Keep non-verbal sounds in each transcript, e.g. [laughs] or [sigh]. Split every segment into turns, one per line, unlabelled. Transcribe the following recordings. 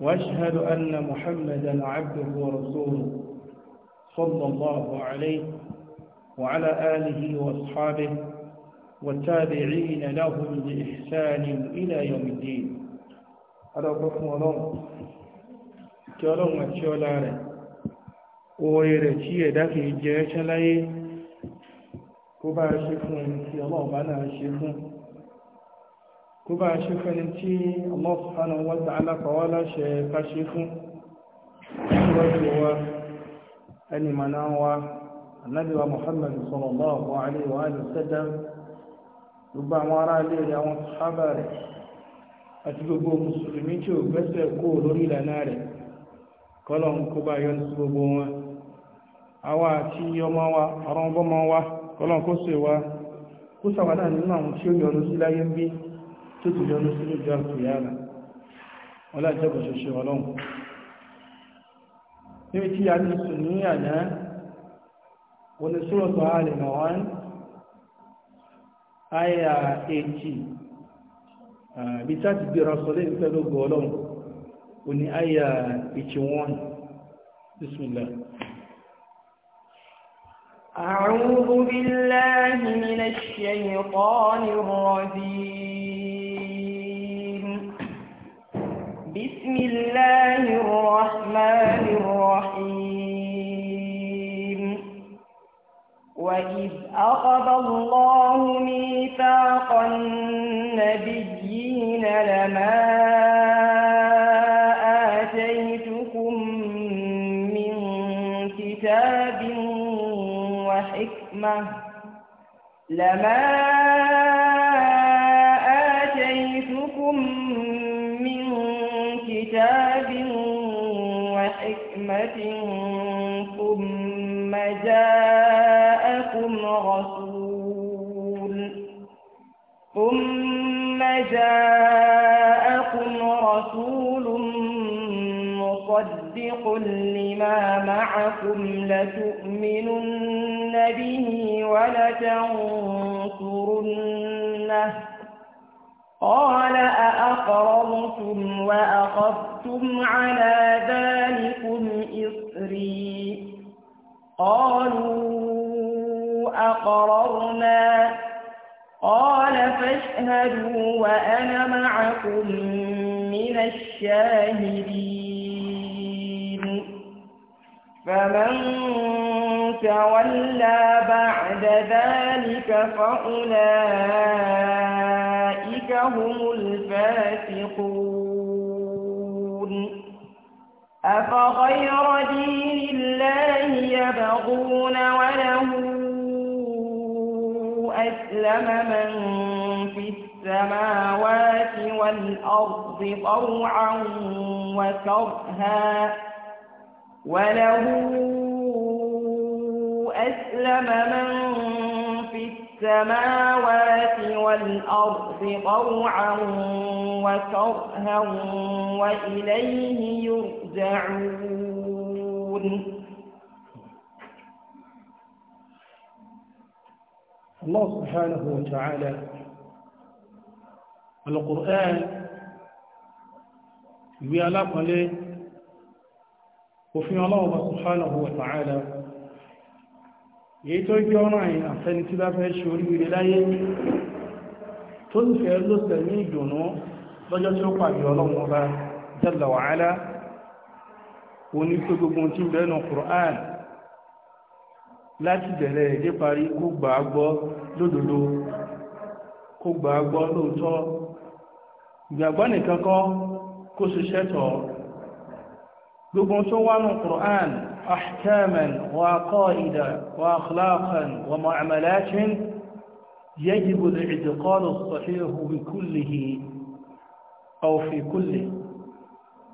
وأشهد أن محمدا عبده ورسوله صلى الله عليه وعلى آله وأصحابه والتابعين لهم بإحسان إلى يوم الدين أدعوكم ولوم كلهم أتشولار ويرتي دفع الجيش لي كبار شفون في الله بنا شفون kó bá ṣe fẹ́ni tí Allah subhanahu wa ta'ala kọwọ́ láṣẹ káṣe fún ìrọ́jù wa ẹni mọ̀nà wa annabi wa Muhammad sallallahu alaihi wa sallam gbogbo àwọn ará ilé rẹ̀ àwọn sábà rẹ̀ àti gbogbo mùsùlùmí tí ó gbẹ́sẹ̀ kó lórí ìlànà rẹ̀ kọ́lọ̀ ń kó yọ sí gbogbo wọn àwa àti ọmọ wa ọ̀rọ̀ ọmọ wa kọ́lọ̀ kó ṣe kó sàwádà nínú àwọn tí ó yọ lọ sí láyé ń bí tó ti yọnu sí lójú àkùyára ọlájọ́bọ̀ ṣoṣo ọlọ́run níbi tí a ní sùn ní àná wọn ni sọ́rọ̀tọ̀ ààrẹ mọ̀wán àyà èjì bí sáti gbéra sọ lé ìfẹ́ lógo ọlọ́run ò ní àyà èjì wọn bismillah
أعوذ بالله من الشيطان الرجيم بسم الله الرحمن الرحيم وإذ أخذ الله ميثاق النبيين لما آتيتكم من كتاب وحكمة لما ثم جاءكم رسول ثم جاءكم رسول مصدق لما معكم لتؤمنن به ولتنصرنه قال أأقررتم وأقررتم لكم عَلَى ذَلِكُمْ إِصْرِي قَالُوا أَقْرَرْنَا قَالَ فَاشْهَدُوا وَأَنَا مَعَكُمْ مِنَ الشَّاهِدِينَ فَمَن تَوَلَّى بَعْدَ ذَلِكَ فَأُولَئِكَ هُمُ الْفَاسِقُونَ أفغير دين الله يبغون وله أسلم من في السماوات والأرض طوعا وكرها وله أسلم من السماوات والأرض طوعا وكرها وإليه يرجعون
الله سبحانه وتعالى القرآن يبيع لك ليه وفي الله سبحانه وتعالى èyí tó jẹ́ ọ̀rọ̀ àyìn àfẹni tí bá fẹ́ ṣe oríire láyé tó sì fẹ́ ló sẹ̀ ní ìdùnnú lọ́jọ́ tí ó pàdé ọlọ́run ọba jalla wa ala oní pé gbogbo tí ń bẹ́ẹ̀ nù Qur'an láti bẹ̀rẹ̀ èdè parí kó gbà lóòótọ́ أحكاما وعقائد وأخلاقا ومعاملات يجب الاعتقاد الصحيح بكله أو في كله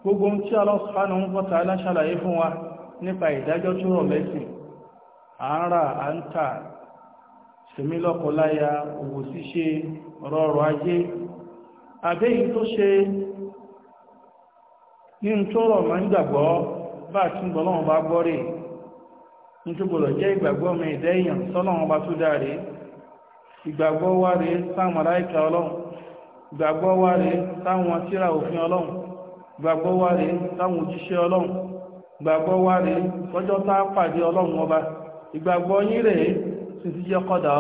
gbogbo ń tí Allah subhanahu wa ta'ala ṣàlàyé fún wa nípa ìdájọ́ tó rọ̀ lẹ́sìn à ń rà à ń tà sèmí lọ́kọláya òwò ṣíṣe rọrọ̀ ajé àbẹ́yìn tó ṣe ní tó rọ̀ máa ń gbàgbọ́ bá a tún gbọ́ lọ́wọ́ bá gbọ́ rè nítòbọ̀lọ̀ jẹ́ ìgbàgbọ́ ọmọ ẹ̀dá èèyàn sọ́lọ́wọ́n bá tó dáa rè ìgbàgbọ́ wa rè sáwọn aláìka ọlọ́run ìgbàgbọ́ wa rè sáwọn tíra òfin ọlọ́run ìgbàgbọ́ wa rè sáwọn òjíṣẹ́ ọlọ́run ìgbàgbọ́ wa rè sọ́jọ́ tá a pàdé ọlọ́run ọba ìgbàgbọ́ yín rè sì ti jẹ́ kọ́dà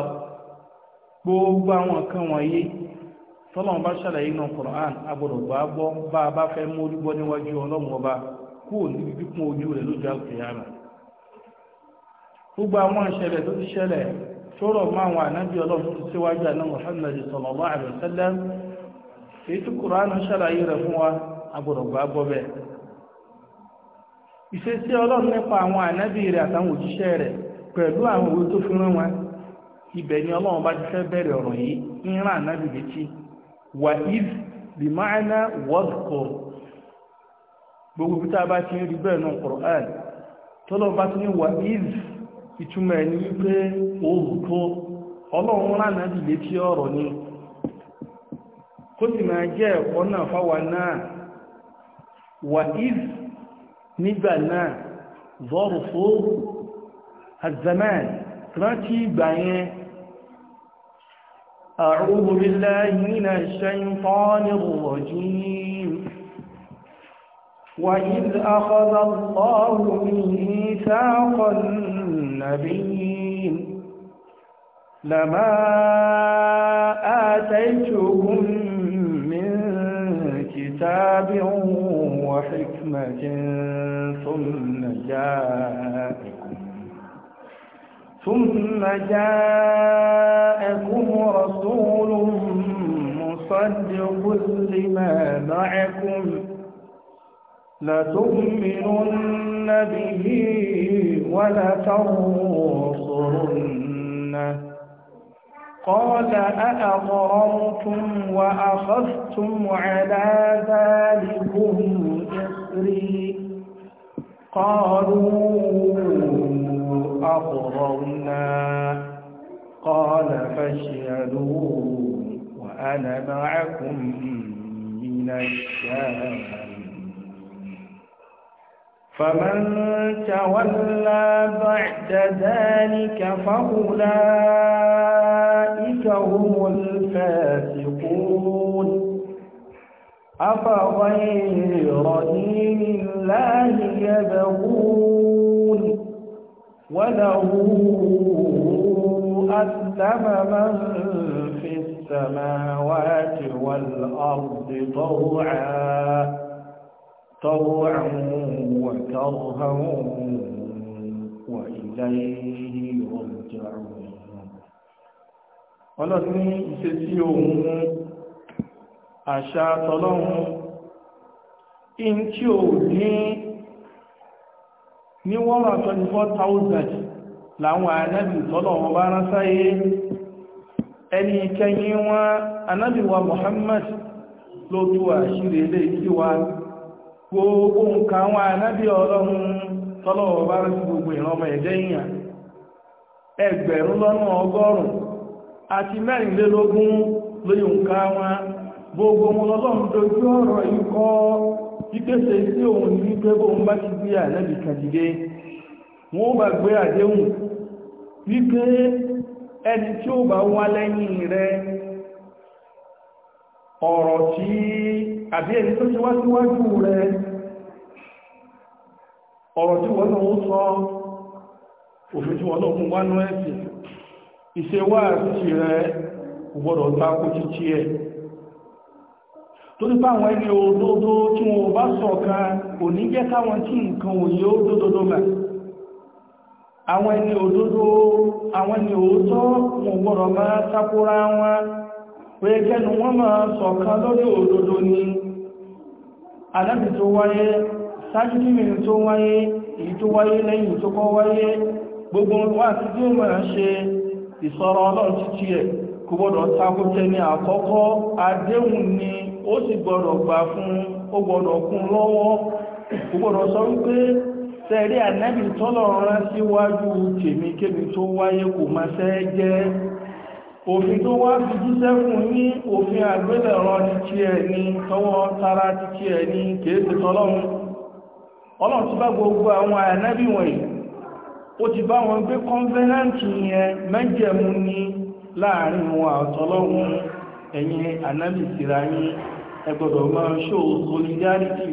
gbogbo àwọn nǹkan wọ̀nyí tọ́lọ́wọ́n bá ṣàlàyé nínú Kùránì kúrò níbi pípọ́n ojú rẹ̀ lójú àkùyàmà gbogbo àwọn ìṣẹ̀lẹ̀ tó ti ṣẹlẹ̀ sọ̀rọ̀ mọ́ ànábì ọlọ́run tó síwájú àná Muhammad sallallahu alaihi èyí tó Kùránì ṣàlàyé rẹ̀ fún wa agbọ̀dọ̀gbà gbọ́bẹ̀ ìṣesí ọlọ́run nípa àwọn ànábì rẹ̀ àtàwọn òjíṣẹ́ rẹ̀ pẹ̀lú àwọn òwe tó wọn ni bá ti yìí ń rán ànábì létí wà bìmáàná gbogbo bí táa bá ti rí bẹ́ẹ̀ náà Kùránì tọ́lọ́ bá ti ní wà ìz ìtumọ̀ ní wípé oòrùn tó ọlọ́run ránà bí létí ọ̀rọ̀ ni kó sì máa jẹ́ ẹ̀kọ́ náà fáwa náà wà ìz nígbà náà zọ́rù fún azaman rántí ìgbà yẹn أعوذ بالله من الشيطان الرجيم وإذ أخذ الله ميثاق النبيين لما آتيتهم من كتاب وحكمة ثم جاءكم ثم جاءكم رسول مصدق لما معكم لتؤمنن به ولتنصرنه قال
أأقررتم وأخذتم على ذلكم إصري قالوا
أقررنا قال فاشهدوا وأنا معكم من الشاهدين
فمن تولى بعد ذلك فأولئك
هم الفاسقون أفغير دين الله يبغون وله أسلم من في السماوات والأرض طوعاً طوعا وكرها وإليه يرجعون ọlọ́run ní ìṣe sí òun àṣà tọ́lọ́run wọ́n rà 24,000 láwọn anábì tọ́lọ̀wọ́ bá rán sáyé ẹni kẹyìn wọn anábì wa Muhammad ló tó àṣírí ilé ìkíwá gbogbo nǹkan nwa ànábì ọlọrụ tọ́lọ́wọ́ bá gbogbo ìran ọmọ ẹ̀dẹ́ èèyàn ẹgbẹ̀rún lọ́nà ọgọ́rùn-ún àti mẹ́rìnlélógún lórí gbogbo dojú ọ̀rọ̀ ikọ́ ìpèsè sí òun ní wípé bóun bá ti gbé ànábì kan wọn ọ̀rọ̀ tí àbí ẹni tó ti wá rẹ, rẹ̀ ọ̀rọ̀ tí wọ́n lọ́wọ́ sọ òfin tí wọ́n lọ́wọ́ mú wánú ẹ̀sìn ìṣẹ́wà sí rẹ̀ gbọ́dọ̀ tako títí ẹ̀ tó nípa àwọn ẹni òdodo tí wọ́n bá kò ní jẹ́ káwọn tí nǹkan ó dódódó mẹ́ àwọn ẹni àwọn ẹni òótọ́ wọn gbọ́dọ̀ máa wọn pé kẹ́nu alábì tó wáyé sáájú kí mìíràn tó wáyé èyí tó wáyé lẹ́yìn tó kọ́ wáyé gbogbo wá sí tí ó mẹ́ràn ṣe ìsọ̀rọ̀ ọlọ́run títí ẹ̀ kò gbọ́dọ̀ takótẹ́ ní àkọ́kọ́ adéhùn ni ó sì gbọ́dọ̀ gbà fún ó gbọ́dọ̀ kún lọ́wọ́ kò gbọ́dọ̀ òfin tó wá fi jíṣẹ́ fún ní òfin àgbélẹ̀rọ títí ẹni tọwọ́ tara títí ẹni kèése tọ́lọ́run ọlọ́run ti bá gbogbo àwọn ànábì wọ̀nyí ó ti bá wọn gbé kọ́nfẹ́nẹ́ǹtì yẹn mẹ́jẹ̀mú ní láàrin wọn àtọ́lọ́run solidarity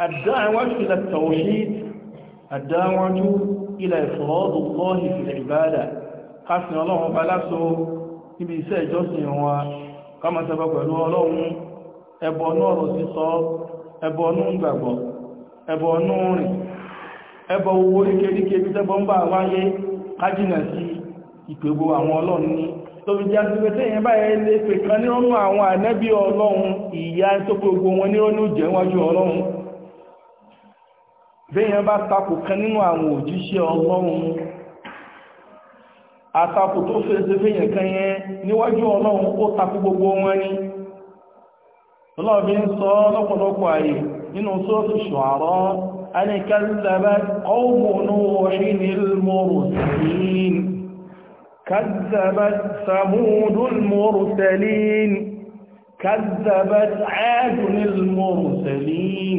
الدعوة إلى التوحيد الدعوة إلى إفراد الله في العبادة قاسنا الله بلاسه níbi iṣẹ́ ìjọsìn wa ká máa ṣẹbọ pẹ̀lú ọlọ́run ẹbọ ọ̀nà ọ̀rọ̀ sísọ ẹbọ ọ̀nà bẹ́yàn bá takò kan nínú àwọn òjíṣẹ́ ọlọ́run àtakò tó fẹ́ẹ̀ṣẹ́ fẹ́yàn kan yẹn níwájú ọlọ́run ó takò gbogbo wọn ní ọlọ́run fi ń sọ lọ́pọ̀lọpọ̀ àyè nínú sọ́ọ̀tù ṣọ̀rọ̀ كذبت ثمود المرسلين كذبت عاد المرسلين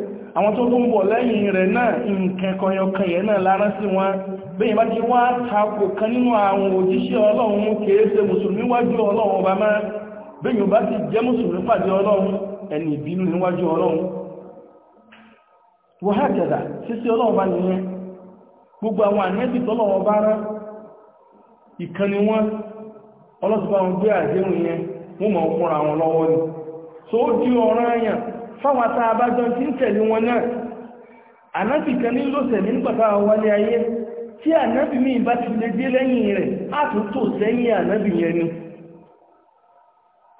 àwọn tó tún bọ̀ lẹ́yìn rẹ̀ náà nǹkan kọyọkẹyẹ náà lára sí wọn bẹ́yìn bá ti wá tako kan nínú àwọn òjíṣẹ́ ọlọ́run mú kìí wájú ọlọ́run ọba máa bẹ́yìn bá ti jẹ́ musulmi pàdé ọlọ́run ẹni ìbínú níwájú ọlọ́run ọlọ́run fáwọn àtàbájọ́ tí ń tẹ̀lé wọn náà ànábì kan ní lóṣẹ̀ nígbàtà wọlé ayé tí bá ti lè dé lẹ́yìn rẹ̀ àtúntò sẹ́yìn ànábì yẹn ni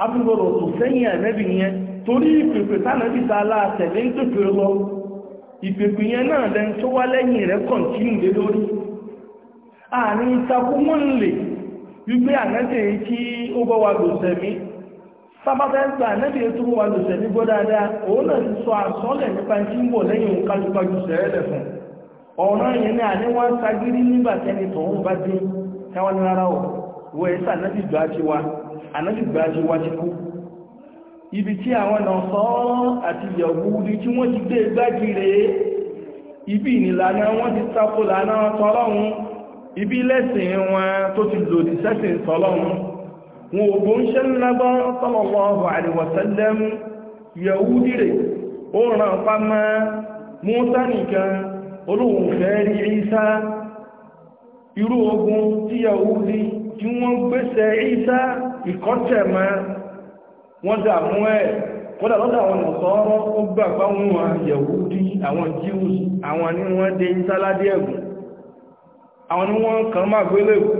afúgbọ́rọ̀ tó sẹ́yìn ànábì yẹn torí ìpèpè tánàbì ta aláàtẹ̀lé ń pèpè lọ ìpèpè yẹn náà lẹ́n tó wá lẹ́yìn rẹ̀ kọ̀ntínú lé lórí àárín takú mọ́nlẹ̀ wípé ànábì tí ó bọ́ wa sábàtẹ́ǹtà nẹ́bí ètò wà lòsẹ̀ ní gbọ́ dáadáa òun náà ti sọ àsọ́lẹ̀ nípa tí ń bọ̀ lẹ́yìn òun kájúkájú sẹ́ẹ̀lẹ̀ fún ọ̀nà yẹn ní àníwá sagírí nígbà tẹni tọ̀hún bá dé káwọn rárá ọ̀ wọ ẹ̀sà ànábìgbà ti wá ànábìgbà ti wá ti kú ibi tí àwọn ọ̀nà sọ àti Yàhúdì tí wọ́n ti dé gbági rèé ibi ìnìlànà wọ́n ti tako lànà tọlọ́hun ibi lẹ́sìn wọn tó ti lòdì sẹ́sìn tọlọ́hun ògùn ṣẹ́lẹ́bọ́ sallallahu alaihi wasallam yahudi rẹ̀ ó ràn pàmà Mùsá nìkan olóhùn fẹ́ rí Ìsá irú ogun tí yahudi tí wọ́n gbéṣẹ́ Ìsá ìkọ́tẹ̀ ma wọ́n dàmú ẹ̀ kódà lọ́dọ̀ àwọn nọ̀sọ́rọ́ ó gbà pàwọn yahudi àwọn Jews àwọn ni wọ́n dé Ìsá ládé ẹ̀gùn àwọn ni wọ́n kàn máa gbélébùn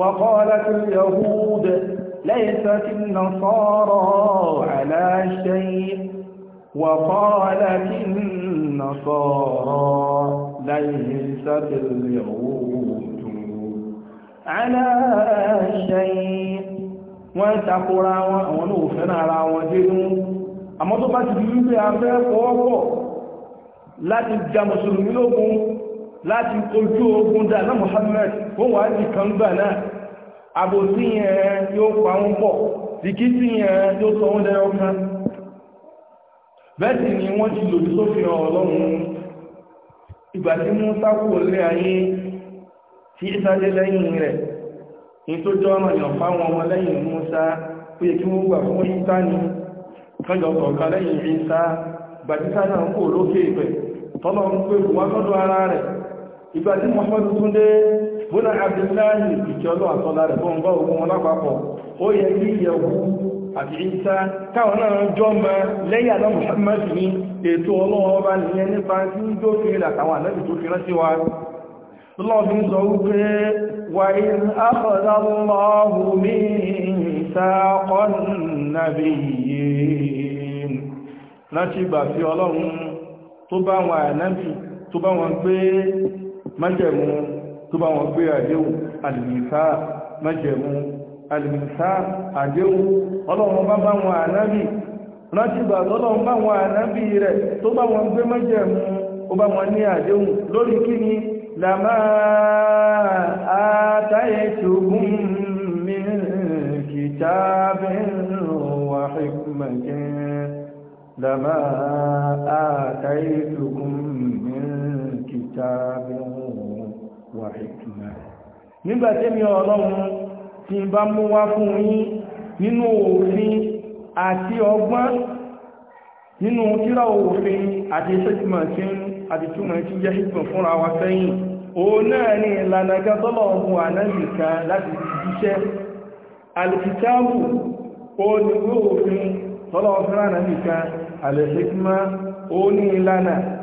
وقالت اليهود ليست النصارى على شيء وقالت
النصارى
ليست اليهود على شيء وتقرا ونوفنا على وجهه اما tó bá ti لا wípé afẹ́ láti kojú ogun dáná Muhammad ó wà ní kàngbà náà àbòsí yẹn yóò pa ń pọ̀ ìkísí yẹn yóò sọ oúnjẹ ọkàn bẹ́ẹ̀ ni wọ́n ti lòdì sófin ọlọ́run ìgbà tí mú sákò lé ayé tí ìsájẹ́ lẹ́yìn rẹ̀ ní tó jọ ọmọ èèyàn fáwọn ọmọ lẹ́yìn ó yẹ kí wọ́n gbà fún ìsá ni kọ̀ọ̀kan lẹ́yìn ìsá náà kò lókè ìpẹ̀ rẹ̀ ìgbà tí Muhammad Túndé bọ́nà Abdullahi ìkẹ́ọ̀lọ́ àtọ́lá rẹ̀ fún bá ogun alápapọ̀ ó yẹ kí ìyẹ̀wú àti ìta káwọn náà jọ mọ́ lẹ́yìn àdá Muhammad ní ètò ọlọ́wọ́ bá nìyẹn nípa tí ó fi rẹ̀ àtàwọn àlẹ́bì tó fi rán sí wa lọ́bìn sọ wípé láti gbà fi ọlọ́run tó bá wọn ànábì tó bá wọn gbé májẹ̀mú tó bá wọn gbé àdéhùn àlìmìsá májẹ̀mú àlìmìsá àdéhùn ọlọ́run bá bá wọn ànábì látìgbà tọ́lọ́run bá wọn ànábì rẹ̀ tó bá wọn gbé májẹ̀mú ó bá wọn ní àdéhùn lórí kí ni làmá àtàyẹ̀tùgún min kitabin wa hikmatin لما آتيتكم من كتاب wà hikma nígbàtí mi ọlọ́run tí bá mú wá fún nínú òfin àti ọgbọ́n nínú kíra òfin àti ṣẹ́tìmọ̀ àti túnmọ̀ tí jẹ́ hikma fúnra wa sẹ́yìn o náà ni ìlànà gẹ́tọ́lọ̀ ọgbọ̀n láti jíṣẹ́ òfin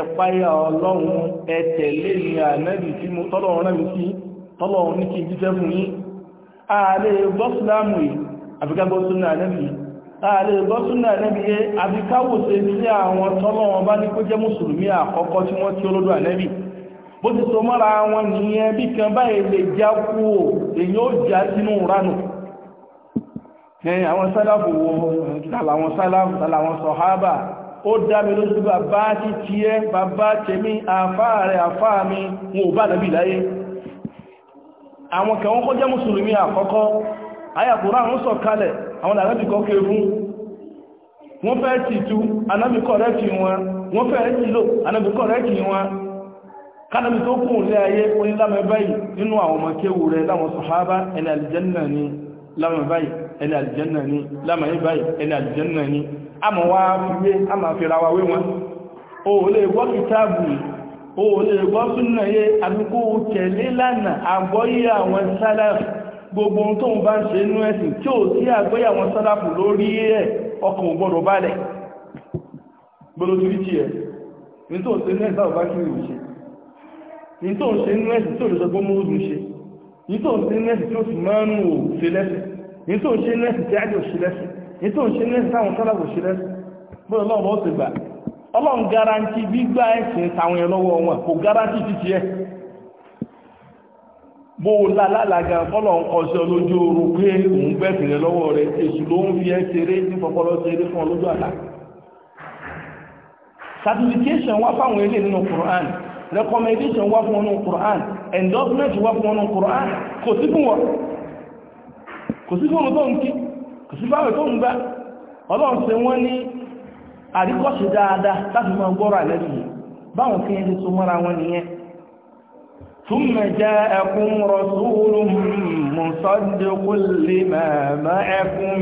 ẹ̀páyà ọlọ́run ẹ̀tẹ̀lé ní ànẹ́bì tí mo tọ́lọ̀run rẹ̀ mi sí tọ́lọ̀run ní kí n jíṣẹ́ fún yín ààlè bọ́sùlámù àbíkábọ́sùnà ànẹ́bì ààlè bọ́sùnà ànẹ́bì yẹ àbíkáwòsẹ̀ sí àwọn tọ́lọ̀run bá ní kó jẹ́ mùsùlùmí àkọ́kọ́ tí wọ́n tí olódò ànẹ́bì bó ti so mọ́ra wọn nìyẹn bí kan báyìí lè já kú ò èyí ó já sínú ránù àwọn sálàfù wo tàlàwọn sálàfù tàlàwọn sọ̀hábà ó dámi lójú bàbá tí tí ẹ bàbá tèmi àfá rẹ̀ àfá mi wọn ò bá nàbí láyé àwọn kẹwọn kọ́ jẹ́ mùsùlùmí àkọ́kọ́ ayàkùnrà ń sọ kalẹ̀ àwọn ànábì kọ́ kéré fún wọ́n fẹ́ ti tú ànábì kọ́ rẹ̀ kí wọn wọ́n fẹ́ ti lò ànábì kọ́ rẹ̀ kí wọn ẹni àlìjẹ́nà ni lámà ní báyìí ẹni àlìjẹ́nà ni a mọ̀ wá wíwé a máa fi ra wa wé wọn o lè gbọ́ kìtàbù o lè gbọ́ súnà yé àbíkó tẹ̀lé lánà àgbọ́yé àwọn sálàfù gbogbo ohun tó ń bá ń ṣe ní tó ń ṣe ní ẹ̀sìn tó lè sì máa ń wò ṣe lẹ́sìn ní tó ń ṣe lẹ́sìn tí ájò ṣe lẹ́sìn ní tó ń ṣe lẹ́sìn táwọn sálàbò ṣe lẹ́sìn bó lọ́wọ́ bó gbà ọlọ́run garanti gbígbà ẹ̀sìn táwọn yẹn lọ́wọ́ wọn kò garanti títí la lálàgà lójú oorun pé òun gbẹ̀sìn rẹ lọ́wọ́ rẹ èṣù ló ń fi wá fáwọn ilé nínú Quran recommendation wá fún ọ nínú wá fún ọ nínú kò sí fóònù tó ń kí kò sí báwẹ̀ tó ń gbá ọlọ́run ṣe wọ́n ní àríkọ́ṣe dáadáa láti máa gbọ́rọ̀ àlẹ́bì báwọn kí ẹni tó mọ́ra wọn nìyẹn ثم جاءكم رسول مصدق لما معكم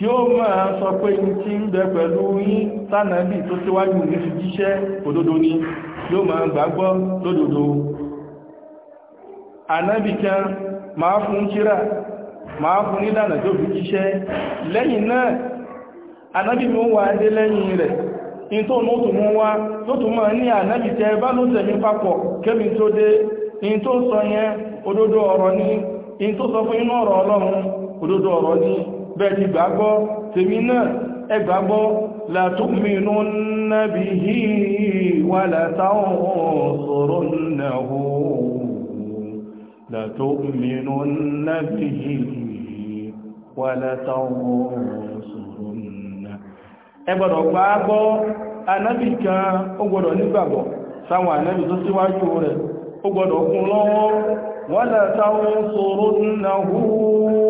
tí ó máa sọ pé ní tí ń bẹ pẹ̀lú yí tánàbì tó síwájú ní fi jíṣẹ́ òdodo ni yóò máa gbàgbọ́ lódodo ànábì kan máa fún kíra máa fún nílànà tó fi jíṣẹ́ lẹ́yìn náà ànábì mú wà dé lẹ́yìn rẹ̀ in tó mú mú wá tó máa ní ànábì tẹ bá ló tẹ̀mí papọ̀ kẹ́mi tó dé in tó sọ yẹn ni in tó sọ fún inú ọ̀rọ̀ ọlọ́run ọ̀rọ̀ bẹ́ẹ̀ ti gbàgbọ́ tèmi náà ẹ gbàgbọ́ la tu'minunna bihi wa la gbàgbọ́ anábì kan ó nígbàgbọ́ sáwọn anábì tó síwájú rẹ̀ ó kún lọ́wọ́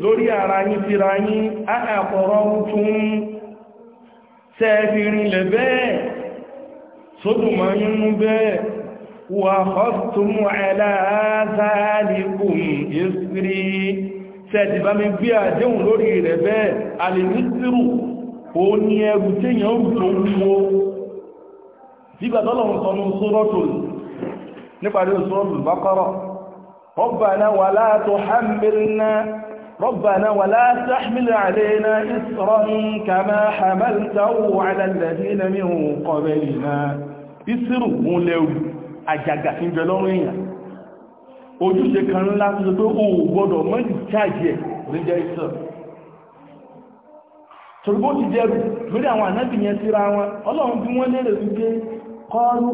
lórí ara a síra yín àkàkọ̀rọ̀ tún tẹ́ẹ̀fìrinlẹ̀ bẹ́ẹ̀ sódùmọ̀ yínú bẹ́ẹ̀ wà ọ́tùmù aláàzáàlìkùn ìsírí tẹ́ẹ̀tì bá mi bí àdéhùn lórí rẹ̀ bẹ́ẹ̀ alìmísírù ó ní ẹrù téèyàn tó wúwo n'usoro tọ́lọ̀hún sọ wa ربنا ولا تحمل علينا إسرا كما حملته على الذين من قبلنا ìsìrù òun lẹ́rù àjàgà sí ìbẹ̀ lọ́rùn èèyàn ojúṣe kan ńlá tó pé o gbọ́dọ̀ mọ́jì chájì ẹ̀ lè jẹ́ ìsìrù tòrùbó ti jẹ́rù lórí àwọn ànábì yẹn síra wọn ọlọ́run bí wọ́n lérè wípé kọ́ọ̀lù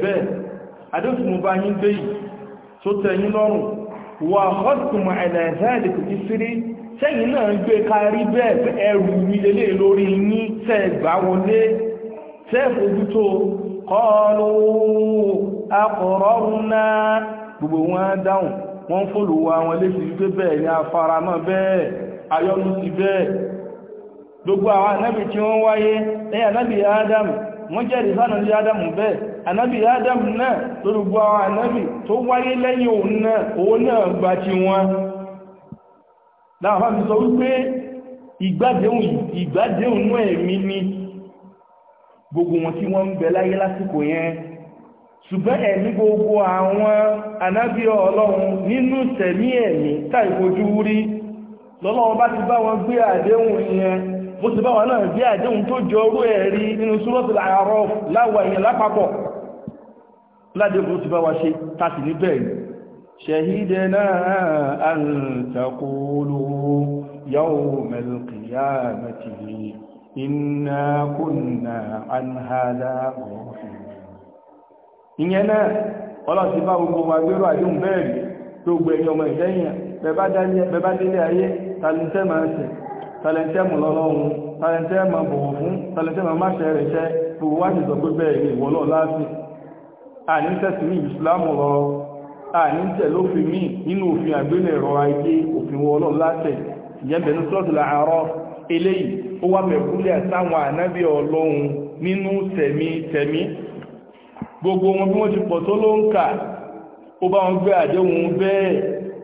aqrarna àdéhùn tí mo bá yín gbé yìí tó tẹ́ yín lọ́rùn wà kọ́tùmọ̀ ẹ̀lẹ́ẹ̀ẹ́dẹ̀ kò ti fírí sẹ́yìn náà gbé kárí bẹ́ẹ̀ ẹrù ilé lórí yín tẹ́ gbà wọlé tẹ́ fojú tó kọ́ọ̀lù akọ̀rọ̀rùnà gbogbo wọn dáhùn wọ́n fòlùwà wọn lé sí wípé bẹ́ẹ̀ ni afáramọ́ bẹ́ẹ̀ ayọ́nu sí bẹ́ẹ̀ gbogbo àwọn anábì tí wọ́n wáyé wọ́n jẹ́rìí sánà sí ádámù bẹ́ẹ̀ anábì ádámù náà tó rúgbọ́ àwọn anábì tó wáyé lẹ́yìn òun náà òun náà gba ti wọn láwọn fàbí sọ wípé ìgbádéhùn ìgbádéhùn náà èmi ni gbogbo wọn tí wọ́n ń bẹ láyé lásìkò yẹn mo ti bá wọn náà bí àdéhùn tó jọ orú ẹ̀ rí nínú Suratul A'raf láwọ̀ èèyàn lápapọ̀ ládéhùn ti bá wa ṣe tàbí níbẹ̀ shahidana an taqulu yawmal qiyamati inna kunna an hadha ìyẹn náà ọlọ́sí bá gbogbo wa gbérò àdéhùn tàlẹ́ntẹ́ mọ̀ lọ́lọ́run tàlẹ́ntẹ́ mọ̀ bọ̀wọ̀ fún tàlẹ́ntẹ́ mọ̀ máṣẹ́ rẹ̀ ṣẹ́ gbogbo wá ti sọ pé bẹ́ẹ̀ ni ìwọ́lọ́ láti àní tẹ̀sí ní ìsìlámù lọ àní tẹ̀ lófin mí nínú òfin àgbélẹ̀rọ ayé òfin wọlọ́ láti ìyẹn bẹ̀rẹ̀ sọ́ọ̀tù làárọ̀ eléyìí ó wá mẹ̀kúlẹ̀ sáwọn ànábì ọlọ́run nínú tẹ̀mí tẹ̀mí gbogbo wọn bí wọ́n ti pọ̀ tó ló ń kà ó bá wọn gbé àdéhùn bẹ́ẹ̀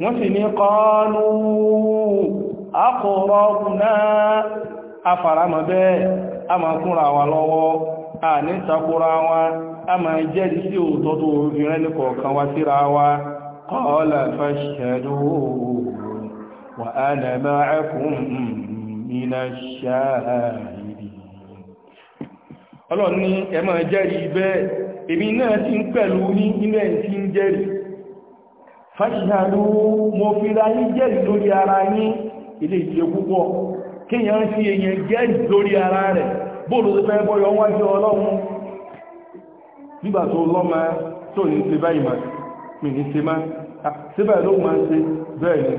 wọ́n sì ní àkọ̀ọ̀rọ̀gùnà afàramọ̀ bẹ́ẹ̀ a máa kúnra wa lọ́wọ́ a ní takura wa a máa jẹ́rì sí òótọ́ tó obìnrin ní kọ̀ọ̀kan wa síra wa qala fashhadu wa ana ma'akum minash fi ra ara yín ilé ìṣe púpọ̀ ń fi èyàn jẹ́ lórí ara rẹ̀ bóòlù tó fẹ́ bọ́ yọ wájú ọlọ́run nígbà tó lọ́mọ tó ní ṣe báyìí máa mi ní ṣe máa báyìí ló máa ṣe bẹ́ẹ̀ ni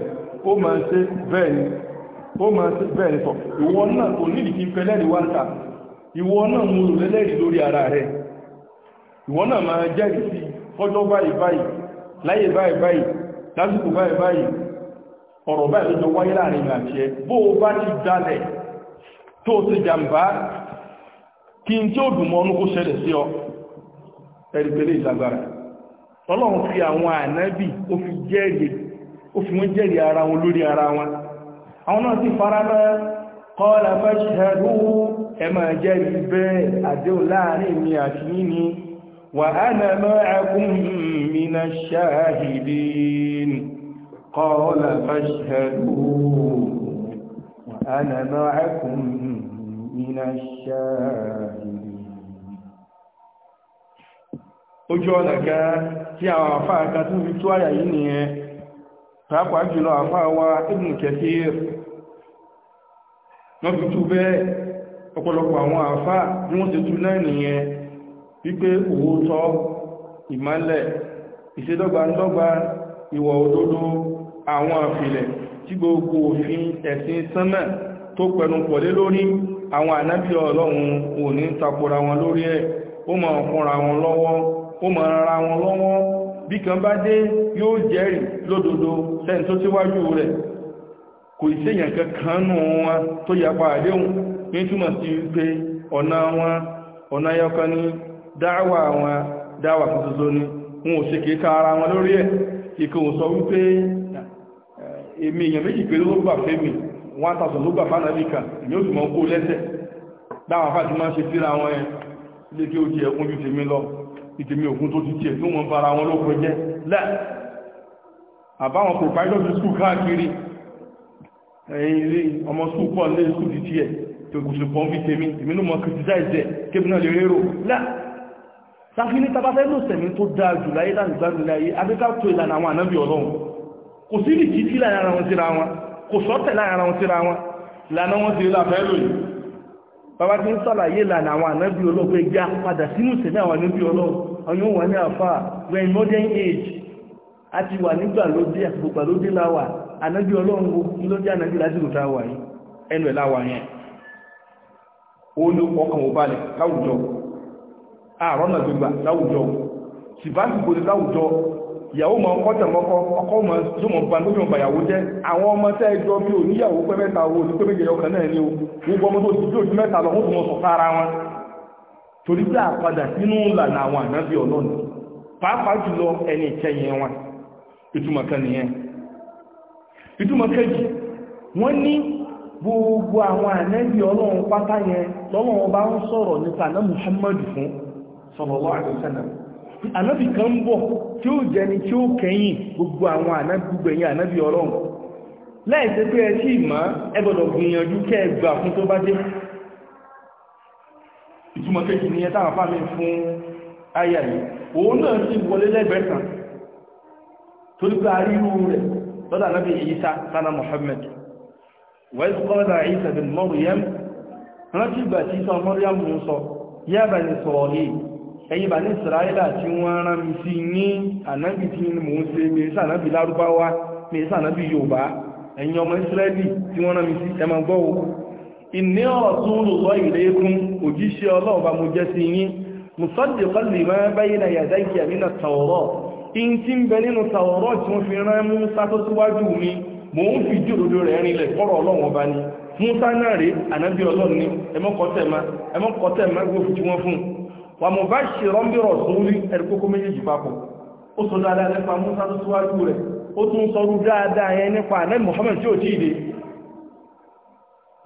ó máa ṣe bẹ́ẹ̀ ni ó máa ṣe bẹ́ẹ̀ ni tọ̀ ìwọ náà kò wá ta ìwọ náà mú lò lẹ́lẹ́rì lórí ara rẹ̀ ìwọ náà máa jẹ́rìí sí ọjọ́ báyìí ọ̀rọ̀ báyìí ló jọ wáyé láàrin ìgbà ẹ bó o bá ti jalẹ̀ tó ti jàmbá kí n tí ó dùn mọ́ kó ṣẹlẹ̀ sí ọ ẹ̀rí ọlọ́run fi àwọn ànábì ó fi ara wọn lórí ara wọn àwọn náà ti fara mọ́ kọ́lá fẹ́ṣẹ̀rú ẹ قال فاشهدوا وأنا معكم من الشاهدين ojú ọ̀nà kan tí àwọn àfáà kan tún fi tó àyà yìí nìyẹn pàápàá jùlọ àfáà wa Ibn kẹfì wọ́n fi tú ọ̀pọ̀lọpọ̀ àwọn àfáà ní wọ́n ti tú náà nìyẹn wípé ìmálẹ̀ àwọn àfilẹ̀ tí gbogbo òfin ẹ̀sìn sánmẹ̀ tó pẹ̀lú pọ̀lé lórí àwọn ànábì ọlọ́run ò ní takora wọn lórí ẹ̀ ó wọn lọ́wọ́ ó máa ra wọn lọ́wọ́ bí kan bá dé yóò jẹ́rì lódòdó tó síwájú rẹ̀ kò kankan nù wọn tó àdéhùn ní túmọ̀ sí pé ọ̀nà ni wọn ò ṣe ara wọn lórí ẹ̀ sọ wípé èmi èèyàn méjì pé ló gbà fẹ́mi 1000 ló gbà fánàbí kan èmi ó sì mọ́ kó lẹ́sẹ̀ dáwọn afá ti máa ṣe síra wọn ẹ ilé kí ó jẹ ẹkún ju tèmi lọ ìtèmi òkun tó ti jẹ tó wọn fara wọn ló pẹjẹ lẹ́ àbáwọn provider ti skul káàkiri ẹ̀yìn ilé ọmọ skul pọ̀ lé skul ti tiẹ̀ tó kù sí pọ́n fi tèmi èmi ló mọ criticize ẹ̀ kébì náà lè rérò lẹ́ sáfí ní tabafẹ́ ló sẹ̀mí tó dáa jù láyé láti gbádùn láyé abẹ́ká tó ìlànà àwọn ànábì ọlọ́run kò sí ní títí láàárín ara wọn síra wọn kò sọ́tẹ̀ láàárín ara wọn síra wọn lànà wọn sí láfẹ́ lòyìn bàbá tí ń sàlàyé lànà àwọn ànábì ọlọ́gbẹ́ já padà sínú sẹ̀mí àwọn ànábì ọlọ́run ọyún wọn ní àfà when modern age a ti wà nígbàlódé àgbògbàlódé láwà ànábì ọlọ́run ilódé ànábì lásìkò tá a wà yìí ẹnu ẹ̀ láwà yẹn ó ló ọkàn ò balẹ̀ láwùjọ àrọ́nà láwùjọ ìyàwó ma ọkọ mọ́kọ́ ọkọ ọkọ tó mọ̀ bá lójú ọba ìyàwó jẹ́ àwọn ọmọ tẹ́ ẹjọ́ bí oníyàwó pẹ́ mẹ́ta owó ní pé méje ọkàn náà ní o gbogbo ọmọ tó ju mẹ́ta lọ wọn sọ̀tà ara wọn torí pé àpadà sínú ìlànà àwọn ànábì ọlọ́run pàápàá jùlọ ẹni ìkẹyìn wọn ìtumọ̀ kan gbogbo àwọn ànábì pátá yẹn bá ànábì kan ń bọ̀ tí ó jẹni tí ó kẹ́yìn gbogbo àwọn ànábìgbò ẹ̀yìn ànábì ọlọ́run láìsẹ́ pé ẹtí ìmá ẹgbọ́dọ̀ gbìyànjú kẹgbà fún tó bá dé ìtumọ̀ kejì ní ẹta àfá mi fún ayà yìí òun náà sì wọlé lẹ́gbẹ̀ẹ́sàn tó ní pé arírú rẹ̀ lọ́dà náà bí Ìsá sana Muhammad wẹ́sì kọ́lá Ìsá bin Maryam rántí ìgbà tí Ìsá Maryam mú sọ yábà ní sọ̀rọ̀ yìí ẹ̀yin bà ní Israẹla tí wọ́n rán mi sí ní ànábì tí mò ń ṣe mẹ́sà ànábì lárúbáwá mẹ́sà ànábì Yorùbá ẹ̀yin ọmọ Israẹli tí wọ́n rán mi sí ẹ máa gbọ́ o ìní ọ̀rọ̀ tún lùlọ ìlékún òjíṣẹ́ ọlọ́ọ̀bá mo jẹ́ sí yín musaddiqan lima bayna yadayya min at-Tawrat in tí ń bẹ nínú Tawrat tí wọ́n fi rán Mùsá tó síwájú mi mò ń fi jòdòdó rẹ̀ rinlẹ̀ kọ́rọ̀ ọlọ́wọ̀n ọba ni Mùsá náà rí ànábì ọlọ́run ni ẹmọ́kọ́tẹ̀ má gbófin tí wọ́n fún un wà mọ̀ bá ṣe rọ́mbìrọ̀ sórí ẹ̀rùkókó méjèèjì papọ̀ ó sọ dáadáa nípa Musa tó síwájú rẹ̀ ó tún sọrú dáadáa yẹn nípa àlẹ́ Muhammad tí ó tí ìdè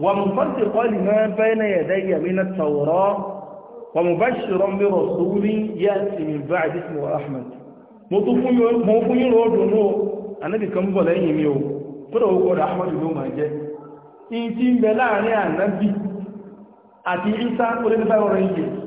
wà mọ̀ bá ṣe kọ́lì náà bẹ́ẹ̀ náà yẹ̀dá yẹ̀mí tàwọ̀rọ̀ wà mọ̀ bá ṣe rọ́mbìrọ̀ sórí yẹ́ ti mi bá àdísì wà Ahmad mo tún fún yín ròdùn náà anábì kan bọ̀ lẹ́yìn mi o kódà ó kọ́dà Ahmad ló máa jẹ́ in ti ń bẹ láàrin ànábì àti isa orí 500 years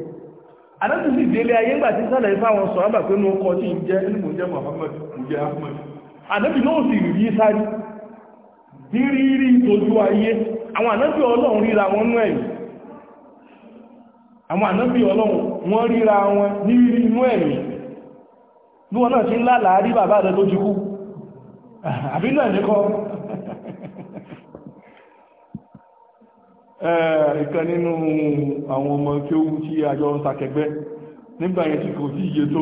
alábìsí ìdílé ayé ńgbà tí sálẹ̀ ifá wọn sọ̀rọ̀ àgbà pé ní ọkọ̀ tí ń jẹ́ Ahmad náà sì rí sáré ní rírí ojú ayé àwọn ànábì ọlọ́run ríra wọn nú ẹ̀yìn àwọn ànábì ọlọ́run ríra wọn ní rírí inú ẹ̀yìn wọn náà ti ń lálàá rí bàbá rẹ̀ lójú Eh, ìkan nínú àwọn ọmọ tí ó wú tí àjọ ń sàkẹgbẹ́ nígbà yẹn tí kò sí iye tó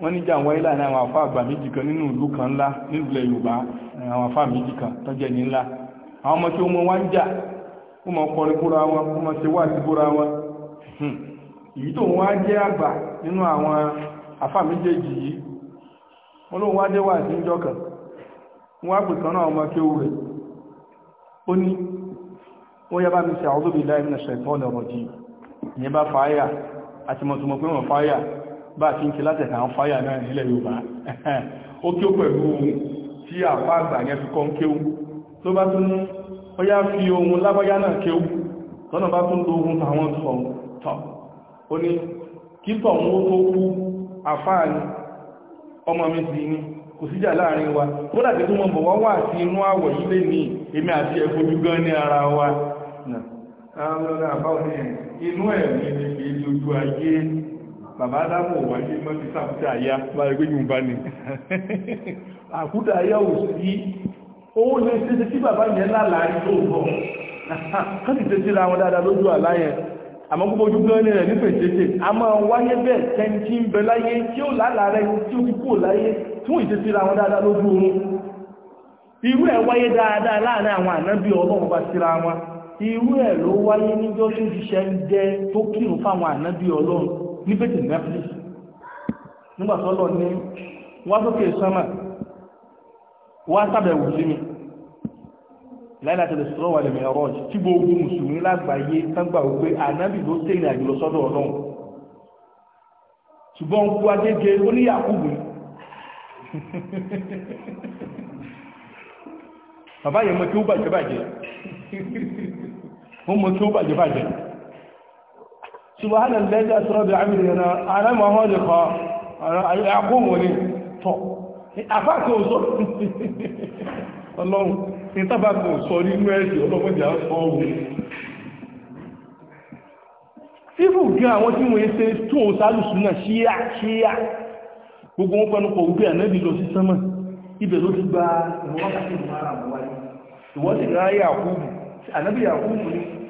wọ́n níjà àwọn ilá ní àwọn àfá àgbà méjì kan nínú ìlú kan ńlá nílùú Yorùbá eh, àwọn àfá méjì kan tó ní ńlá àwọn ọmọ tí ó mọ wá ń jà ó mọ kọrin búra wọn ó mọ ṣe wá sí búra wọn hmm. èyí tó wọ́n á jẹ́ àgbà nínú àwọn àfá méjèèjì yìí wọ́n lóun wá dé wà sí ìjọ kan wọ́n á pè kan náà ọmọ kí ó ó ní wọ́n yá bá mi sí a'udhu billahi minash shaitonir rajim ìyẹn bá fàáyà àti mọ̀túnmọ̀ pé wọ́n fàáyà bá kí n kí látẹ̀ta àwọn fàáyà náà nílẹ̀ Yorùbá [laughs] ó kí ó pẹ̀lú tí àpá àgbà yẹn fi kọ́ ń kéwú tó bá tún ó yá fi ohun lágbájá náà kéwú lọ́nà bá tún lo ohun tàwọn tọ̀ ó ní kí tọ̀hún ó ni ọmọ láàrin wa kódà tó mọ̀ bọ̀ wá wà sí inú àwọ̀ ilé ní èmi àti ẹ̀fọ́jú gan ní ara wa partner àwọn ọlọ́dọ̀ àbáwọn èèyàn inú ẹ̀mí ni kì í ayé bàbá adámò wáyé mọ́ ti sàkúta àyá bá ẹgbẹ́ yìí bá ní àkúta àyá ò sí lè ṣe bàbá yẹn lálàá tó bọ̀ [laughs] kán ti ra wọn dáadáa lójú àmọ́ gbogbo ojú rẹ̀ a máa wáyé bẹ́ẹ̀ tẹ́ntí ń bẹ láyé tí ó lálàá rẹ̀ tí ó ti kú láyé tí wọ́n ìtẹ́sí ra wọn dáadáa lójú oorun irú ẹ̀ wáyé dáadáa láàárín àwọn ànábì ọlọ́run bá wọn irú ẹ̀ ló wáyé níjọ́ tó ṣiṣẹ́ ń jẹ́ tó kírun fáwọn ànábì ọlọ́run ní bètè netflix nígbà tó lọ ní wá sókè sánmà wá sábẹ̀wò sí mi láìlá tẹ̀lẹ̀ sọ́rọ̀ wà lẹ́mẹ̀ ọ̀rọ̀ tí gbogbo mùsùlùmí lágbàáyé tágbà wípé ànábì ló tẹ̀ ìrìn àjò lọ sọ́dọ̀ ọlọ́run ṣùgbọ́n kú agége ó ní yàkúbù [laughs] bàbá yẹn mọ́ kí ó bàjẹ́ bàjẹ́ [laughs] wọ́n mọ̀ kí ó bàjẹ́ bàjẹ́ subhanan lẹ́jẹ́ asọ́rọ̀bẹ̀ amìrìnà alámọ̀họ́lẹ̀ kọ àkóhùnwòní tọ́ àfáàkì òsọ ọlọ́run ní tábàkì òsọ nínú ẹ̀sì ọlọ́mọdé ọ̀hún fífù gẹ́ àwọn tí wọ́n ṣe tún òsálùsù náà ṣíyà ṣíyà gbogbo wọn pẹ̀lú pọ̀ gbé ànábì lọ sí sánmà ibẹ̀ ló ti gba ìwọ́n sì ráyà kúrù ànábì yà kúrù ní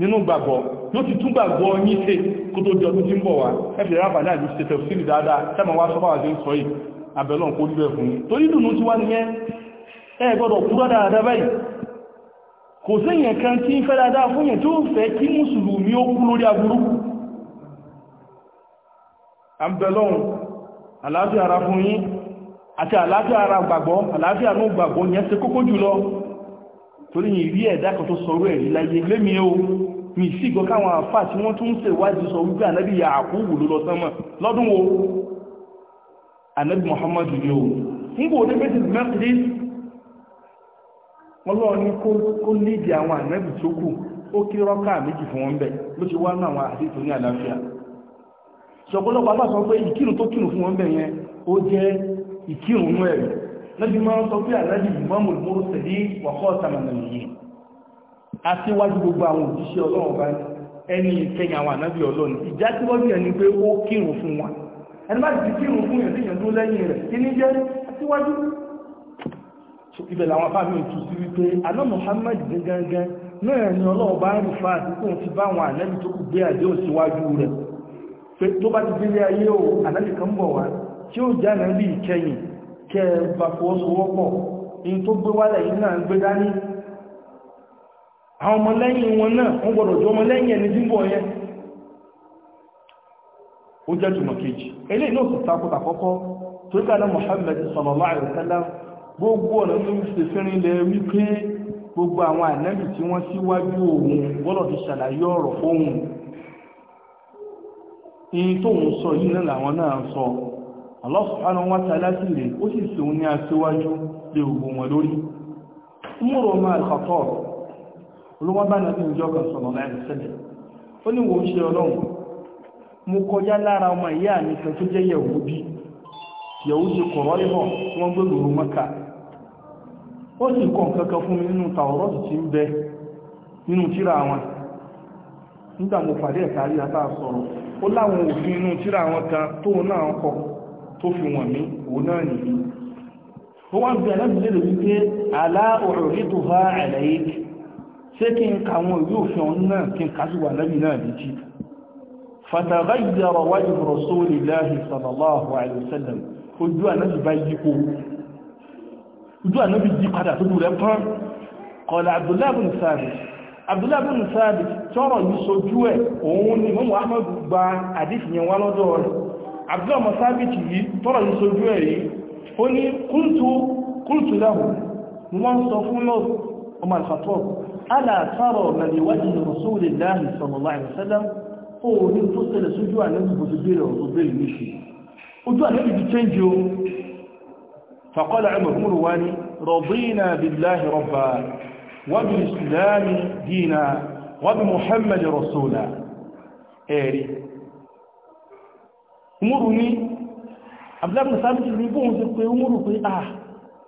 nínú gbàgbọ́ yóò ti tún gbàgbọ́ yín ṣe kó tó di ọdún tí ń bọ̀ wá ẹ̀fẹ̀ rábà náà ní ṣe tẹ̀sílì dáadáa tẹ́mọ̀ wá sọ́pàá àti ń sọ yìí abẹ́lọ́n kó níbẹ̀ fún yín torí dùnú ti wá nìyẹn ẹ gbọ́dọ̀ kúrọ́ dáadáa báyìí kò séyìn kan tí ń fẹ́ dáadáa fún yẹn tí ó fẹ́ kí ẹ̀dá kan tó sọ̀rọ̀ ẹ̀rí láyé lémi o mi sí ìgbọ́ káwọn àfà tí wọ́n tún ń ṣèwádìí sọ wípé ànábì ló ni o nígbò ní bẹ́tìlì mẹ́tìlì wọ́n lọ́wọ́ ní kó nídi àwọn ànábì tó kù ó kí rọ́kà méjì fún wọn bẹ̀ ló ti wá ní àwọn àti ìtò ní àlàáfíà ṣọ̀pọ̀lọpọ̀ àbá pé ìkírun tó fún wọn bẹ̀ yẹn ó jẹ́ nú máa ń sọ pé wàkọ́ aṣíwájú gbogbo àwọn òjíṣẹ́ ọlọ́run bá ẹni ìkẹyìn àwọn ànábì ọlọ́run ìjà tí wọ́n yẹ̀ ni pé ó kírun fún wa ẹni bá ti kírun fún yẹ̀ síyàn tó lẹ́yìn rẹ̀ kí ní jẹ́ aṣíwájú ibẹ̀ làwọn afáàmì ètò sí wípé aná Muhammad gangan náà ni ọlọ́run bá ń rí fa àtúntò ti bá àwọn ànábì tó kù gbé àdé òsíwájú rẹ̀ pé tó bá ti délé ayé o ànábì kan bọ̀ wá tí ó já ànábì ìkẹyìn kẹ bàfọwọ́sowọ́pọ̀ in tó gbé wálẹ̀ yìí náà ń gbé dání àwọn ọmọlẹ́yìn wọn náà wọ́n gbọ́dọ̀ jọ ọmọlẹ́yìn ẹni tí ń bọ̀ yẹn ó jẹ́ jùmọ̀ kejì ilé inú òsì takọta kọ́kọ́ tó rí kàdá Muhammad sallallahu alaihi wasallam gbogbo ọ̀nà tó ń ṣe fẹ́rin lẹ wípé gbogbo àwọn ànábì tí wọ́n síwájú òun gbọ́dọ̀ ti ṣàlàyé ọ̀rọ̀ fóun ìyìn tóun sọ yìí náà làwọn náà ń sọ Allah subhanahu wa ta'ala sì rè ó sì sì òun ní aṣíwájú lé olówó bá nàbí ìjọ kan sọ̀rọ̀ láì sẹ́lẹ̀ ó ní wọ́n ṣe ọlọ́run mo kọjá lára ọmọ ìyá mi kan tó jẹ́ yẹ̀wòdí yẹ̀wòdí kọ̀rọ̀ ìbọ̀ tí wọ́n gbé lòrò mọ́kà ó sì kọ̀ kankan fún mi nínú tàwọ̀rọ̀ ń bẹ nínú tíra wọn nígbà mo pàdé ẹ̀ka rí ata sọ̀rọ̀ ó láwọn òfin inú tíra wọn kan náà kọ tó fi wọ̀n mí òun náà nìyí ó wá ṣé kí n ka wọn yóò fi ọ̀n náà kí n ká sí wà lẹ́yìn náà létí fataghayyara wajhu rasulillahi sallallahu alaihi wasallam ojú ànábì bá yípo ojú ànábì yí padà tó dúró pọ́n qala rẹ̀ abdullahi bin sabit yìí wọ́n sọ fún lọ́ọ̀ ọmọ al ألا ترى من وجه رسول الله صلى الله عليه وسلم ó ní tó tẹ́lẹ̀ sójú àlẹ́bù bó ti bèèrè ọ̀tọ̀ bèèrè níṣe ojú àlẹ́bù ti change o fàkọ́lá ẹmọ̀kúnrù wá ní rọ̀bìnà bíláhì rọ̀bà wábí ìsìlámi dínà wábí Muhammad rasúlá ẹ̀rí umaru ní abdullahi sáàbìtì ní bóhun ti pé umaru pé ah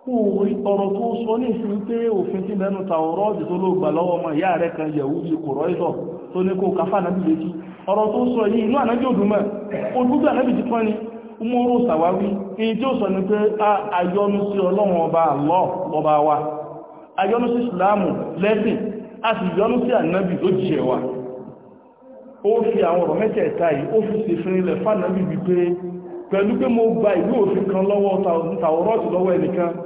orí ọ̀rọ̀ tó sọ ní ìsinmi pé òfin tí mẹ́nu ta ọ̀rọ̀ ọ̀dì tó ló gbà lọ́wọ́ ọmọ ìyá rẹ̀ kan yẹ̀wú bí kò rọ́ìsọ̀ tó ní kó káfà náà bìí létí ọ̀rọ̀ tó sọ yìí inú ànájì olùgbà náà ni umaru sàwáwí tí ó sọ ni pé ayọ́nu sí ọlọ́run ọba àlọ́ ọba a sì pẹ̀lú pé mo gba òfin kan lọ́wọ́ lọ́wọ́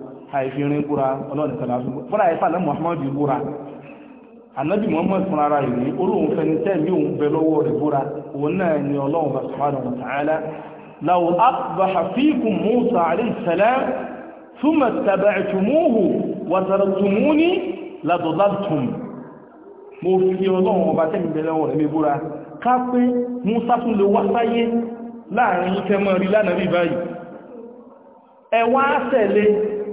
àìfirin búra ọlọ́ọ̀dẹ̀ tẹ̀lá fúnra ẹ̀fà náà muhammadu búra anabi muhammad fúnra ara ìlú orí òun fẹni tẹ́ẹ̀mí òun bẹ lọ́wọ́ rẹ̀ búra òun náà ni ọlọ́run bá subhanahu wa ta'ala law asbaha fikum musa alayhi salam thumma tabactumuhu wa mo fi ọlọ́run ọba tẹ́ẹ̀mí bẹ lọ́wọ́ rẹ̀ mi búra ká pé musa tún lè wá láàrin ìfẹ́ mọ́ rí lánàá bí báyìí ẹ wá tẹ̀lé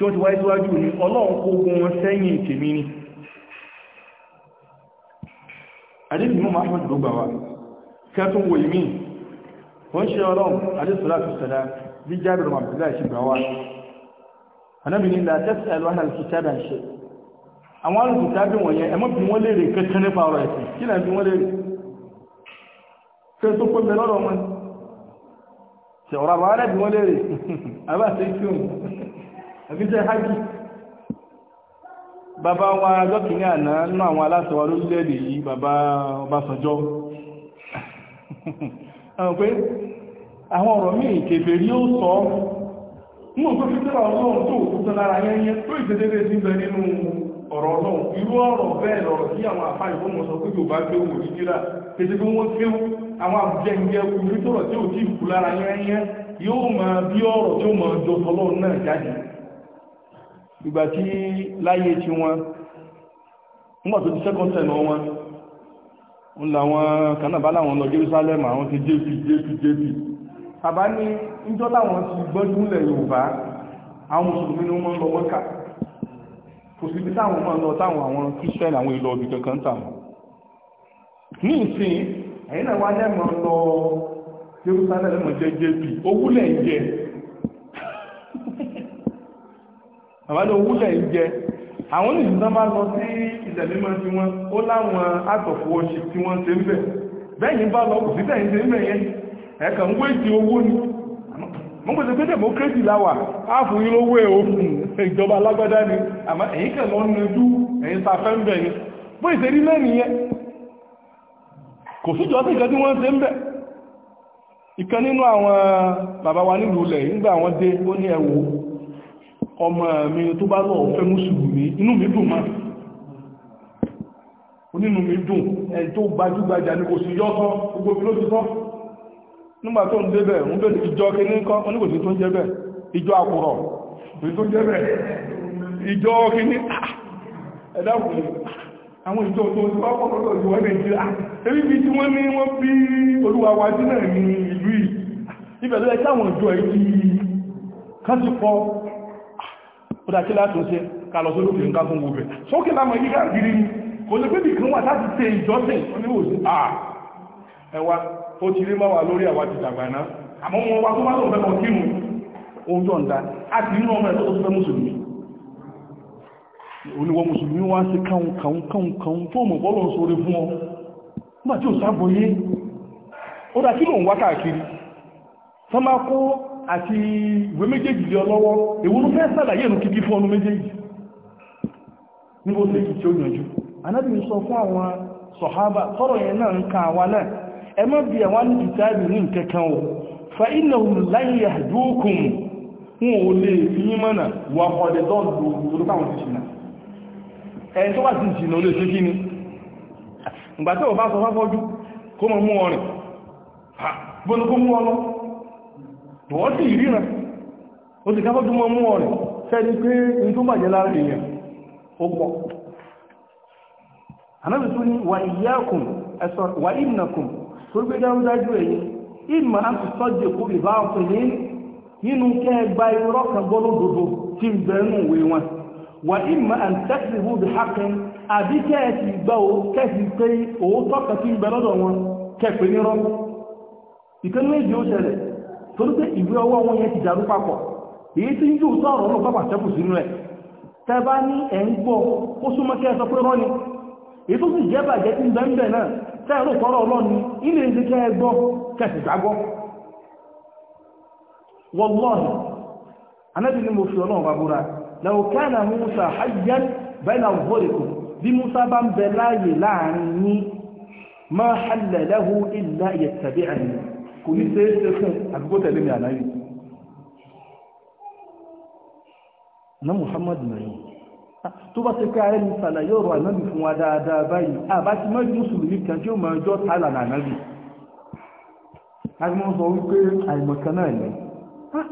tí wọ́n ti wáyé síwájú ní ọlọ́run kó gún wọn sẹ́yìn tèmi ni adébì mọ́ máa fọ́n gbogbo wa kẹtún wòye mí wọ́n ṣe ọlọ́run adésọ́lá fìsọ́lá bí jábìrì wọn bílá ìṣẹ́ gbà wá anábìnrin ilẹ̀ àtẹ́sẹ̀ alwáhà kìtàbà ṣe àwọn alùkìtàbì wọ̀nyẹn ẹmọ́ bí wọ́n lè rè kẹ́kẹ́ nípa ọ̀rọ̀ ẹ̀sìn kí náà bí wọ́n lè rè kẹ́ tó kó mẹ́lọ́rọ̀ wọn [laughs] ṣe ọ̀rọ̀ àbáwárẹ́ bí wọ́n lè rè àbá àti ìfihàn àbíṣẹ́ hajji bàbá wa lọ́kìní àná nínú àwọn aláṣẹ wa yìí bàbá Ọbásanjọ́ àwọn pé àwọn ọ̀rọ̀ míì kèfè rí ó sọ mú òkú fítẹ́lá ọlọ́run tó òkú lára yẹnyẹ tó ìṣẹ́dẹ́dẹ́ sí bẹ nínú ọ̀rọ̀ ọlọ́run irú ọ̀rọ̀ bẹ́ẹ̀ sí àwọn ìfọ́mọ̀ sọ pé yóò bá gbé wọ́n tí àwọn àbújẹ́ǹjẹ́ tí ò tí ìkú lára yẹnyẹ yóò máa bí ọ̀rọ̀ tí ó ìgbà tí láyé tí wọn nígbà tó ti second term wọn ń làwọn kanáà bá láwọn lọ Jerusalem àwọn ti jp jp jp àbá ní ìjọ táwọn ti gbọ́jú ilẹ̀ Yorùbá àwọn mùsùlùmí ni wọ́n lọ wọ́n kà kò sí ibi táwọn máa lọ táwọn àwọn Christian àwọn ìlọ ọ̀bì kankan táwọn ní ìsìn ẹ̀yìn náà wá lẹ́mọ̀ lọ Jerusalem jẹ́ jp owó lẹ́yìn jẹ́ àbádọ́ wúlẹ̀ ń jẹ àwọn oníṣẹ́ tán bá lọ sí ilẹ̀ mímọ́ tí wọ́n ó láwọn àtọ̀fọ̀ oṣù tí wọ́n ṣe ń bẹ̀ bẹ́yìn bá lọ kò sí bẹ́yìn ṣe ń bẹ̀ yẹn ẹ̀kà ń wéjì owó ni mọ́ pẹ̀sẹ̀ pé democracy láwà áàfù ilówó òfin ìjọba alágbádá ọmọ mi tó bá lọ fẹ́ mùsùlùmí inú mi dùn máa onínú mi dùn ẹni tó gbajúgbajà ní kò sí yọ́kọ́ gbogbo mi ló ti sọ́ nígbà tó ń débẹ̀ ń bẹ̀rẹ̀ ìjọ kíní kọ́ oníkòsí tó ń jẹ́ bẹ̀ ìjọ àkùrọ̀ ah, òsì tó ń jẹ́ bẹ̀ ìjọ kíní ẹ̀dàkùnrin àwọn ìjọ tó ń sọ́kọ̀ ó dá kí látún ṣe kàlọ̀ sólókè ń kákún gbogbo sókè lámọ̀ yí káàkiri ni kò lè pébì kan wà láti tẹ ìjọsìn oníwòsí àà ah, ẹwà ó ti rí máa wà lórí ti àti ìwé méjèèjì lé ọlọ́wọ́ èwúrú fẹ́ sàlàyé ìrùn kíkí fún ọnú méjèèjì níbo tí èyí tí ó yànjú anábì sọ fún àwọn sọ̀hábà tọ́rọ̀ yẹn náà ń ka àwa náà ẹ o fa iná láyé wọn ò lè fi yí mọ́nà wà ọ̀dẹ̀ wọ́n sì ríran ó ti kápọ́ tó mú ọ̀rẹ̀ sẹ́ni pé ní tó bàjẹ́ lára èèyàn ó pọ̀ anábì tó ní wà ìyákùn ẹ̀sọ̀ wà ìnàkùn tó gbé dáúdájú ẹ̀yìn ìmọ̀ á ti sọ́jì kó lè ọkùn ịnụ nke kẹgbà irọ́ kan gbọ́nà dodo tí ń bẹ̀rẹ̀ nù wé wọn wà ìmọ̀ à ń tẹ́sí wù bí hakan àbí kẹ́ẹ̀sì kẹ́ẹ̀sì pé òótọ́ kan tí ń lọ́dọ̀ wọn kẹ́ẹ̀pẹ́ nírọ́ torí pé ìwé ọwọ́ wọn yẹn ti dàrú papọ̀ èyí tí ń jù sọ̀rọ̀ náà pápá sẹ́kù sínú rẹ̀ tẹ́ bá ní ẹ̀ ń gbọ́ ó súnmọ́ kẹ́ ẹ sọ pé rọ́ni èyí tó sì jẹ́ bàjẹ́ tí ń bẹ́ ń bẹ̀ náà tẹ́ ẹ̀rọ ìfọ́rọ̀ ọlọ́ni ilé ń kẹ́ ẹ kẹsì gbàgbọ́ wallahi anábì kò ní ṣe é ṣe fún àdúgbò tẹ̀lé mi ànáyì na muhammadu na yìí tó bá ti ká ẹni sàlàyé ọ̀rọ̀ ànábì fún wa dáadáa báyìí àbá ti mọ́ mùsùlùmí kan tí ó máa jọ tààlà nà ànábì agbọ́n sọ wípé àìmọ̀kan náà ni ah!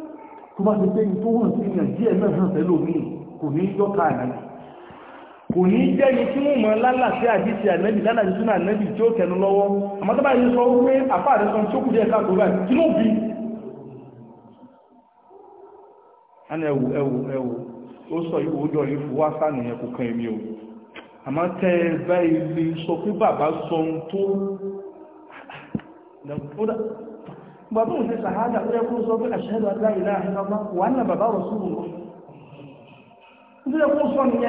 tó bá ti pé ìtòhùn sí ìyàn díẹ̀ náà hàn tẹ́lómi kò ní jọ tààlà nà kò ní jẹ́ni tí wọ́n mọ̀ lálàsí àdísì ànẹ́bì lálàsí súnà ànẹ́bì tí ó tẹnu lọ́wọ́ àmọ́tọ́bà yìí sọ wípé àfáà rẹ̀ sọ tí kù díẹ̀ káàkó rẹ̀ tí ló bí ẹwù ẹwù ẹwù ó sọ ìwò wá kò èmi o àmọ́ tẹ́ ẹ bá ilé sọ pé bàbá sọ ohun tó bàbá òun ṣe ó yẹ kó sọ pé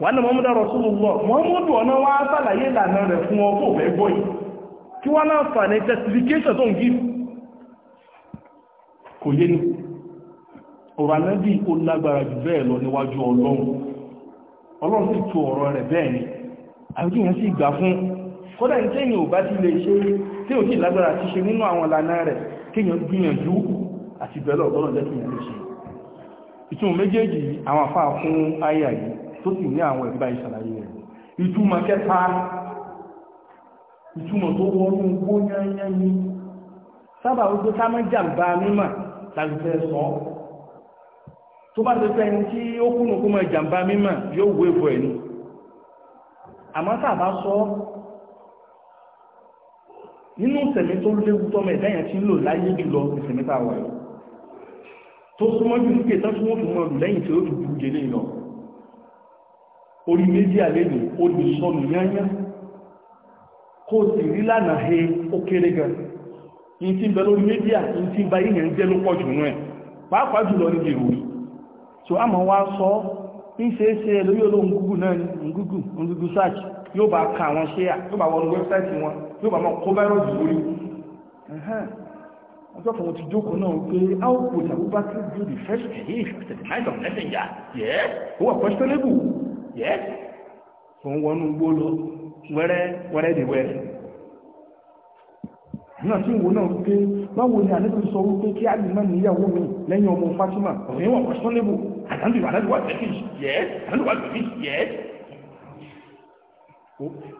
wà ní mọ́múdá Rasulullah mọ́múdù ọ̀nà wá sàlàyé ìlànà rẹ̀ fún ọkọ̀ òfẹ́ gbọ́ yìí kí wọ́n náà fà ní testification tó ń gí kò yé ní ọ̀rọ̀ anábì jù bẹ́ẹ̀ lọ níwájú ọlọ́run ọlọ́run sì tu ọ̀rọ̀ rẹ̀ bẹ́ẹ̀ ni àbíkí yẹn sì gbà fún kódà ní tẹ́yìn ò bá ti lè ṣe tí ò sì lágbára ti ṣe nínú àwọn ìlànà rẹ̀ kéèyàn gbìyànjú àti tó sì ní àwọn ẹ̀rí báyìí ṣàlàyé rẹ̀ ìtumọ̀ kẹta ìtumọ̀ tó wọnú gbó yányányí sábà wípé ká má jàǹbá mímọ̀ láti fẹ́ sọ tó bá ti fẹ́ni tí ó kúnnù kó mọ jàǹbá mímọ̀ yóò wé bọ̀ ẹ̀nu àmọ́ sábà sọ nínú ìsẹ̀mí tó léwu tọ́mọ ẹ̀dá yẹn ti ń lò láyé jùlọ ìsẹ̀mí tá a wà yìí tó súnmọ́ jù ní pé tán tí wọ́n fi mọ̀ lẹ́yìn tí ó dùdú jẹ́lé lọ orí méjì o ó lè sọnù yányán kó o sì rí lánà he ó kéré gan ní tí ń bẹ lórí méjì àti tí ń ba yíyàn jẹ́ ló pọ̀ jù pàápàá jùlọ so a mọ̀ wá sọ ń ṣe é ṣe lórí olóhun gúgù náà ní gúgù search yóò bá ka àwọn ṣe yóò bá wọnú wẹ́bsáìtì wọn yóò bá mọ kó fáírọ́ọ̀sì lórí ọjọ́ kan ti jókòó náà pé how could Abubakar do the first yẹ́ fún wọnú gbó lọ wẹ́rẹ́ wẹ́rẹ́ dè wẹ́rẹ́ náà tí wo náà pé báwo ni àlejò sọ wípé kí àlùmọ́ níyàwó mi lẹ́yìn ọmọ Fatima ọ̀rọ̀ yẹn wà pàṣọ́lébù àdáńdì àdáńdì wà tẹ́fì yẹ́ àdáńdì wà tẹ́fì yẹ́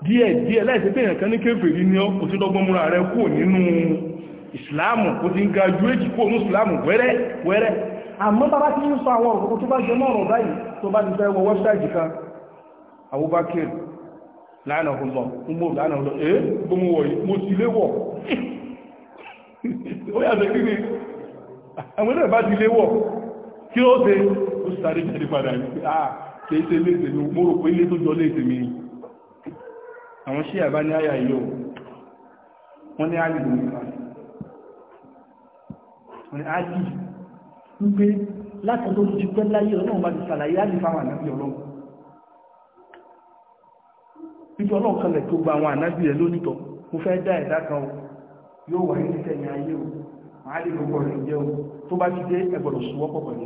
díẹ̀ díẹ̀ láìsí pé ìyànkan ní kéfèrí ní ó ti dọ́gbọ́n múra rẹ̀ kò nínú ìsìláàmù kò ti ń ga ju èjì kò ní ìsìláàmù wẹ́rẹ́ wẹ́rẹ́ àmọ́ bàbá tí ń sọ àwọn ọ̀rọ̀ tó bá jẹ mọ́ ọ̀rọ̀ báyìí tó bá ti fẹ́ wọ wẹ́bsáìtì kan Abubakar lánàhùlọ Umar lánàhùlọ ẹ́ eh, gbọmọ wọ̀nyí mo sì léwọ̀
[laughs] ó yàtọ̀ kí ni
àwọn ẹ̀rẹ́ bá ti léwọ̀ kí ó ṣe ó sáré jáde padà yìí ah kìí ṣe léṣe mi mo rò pé ilé tó jọ léṣe mi àwọn ṣí àbá ní àyà yìí o wọ́n ní àlì ló nípa wọ́n ní àlì wípé látọ̀tọ̀ ti pẹ́ láyé ọlọ́run bá ti ṣàlàyé àlì fáwọn àlàbí ọlọ́run níbi ọlọ́run kan lẹ̀ tó gba àwọn ànábì rẹ̀ lónìtọ̀ mo fẹ́ dá ẹ̀dá kan o yóò wà ní ìtẹ̀yìn ayé o màá lè gbogbo rẹ̀ jẹ́ o tó bá ti dé ẹgbọ̀dọ̀ sùwọ́pọ̀ pẹ̀lú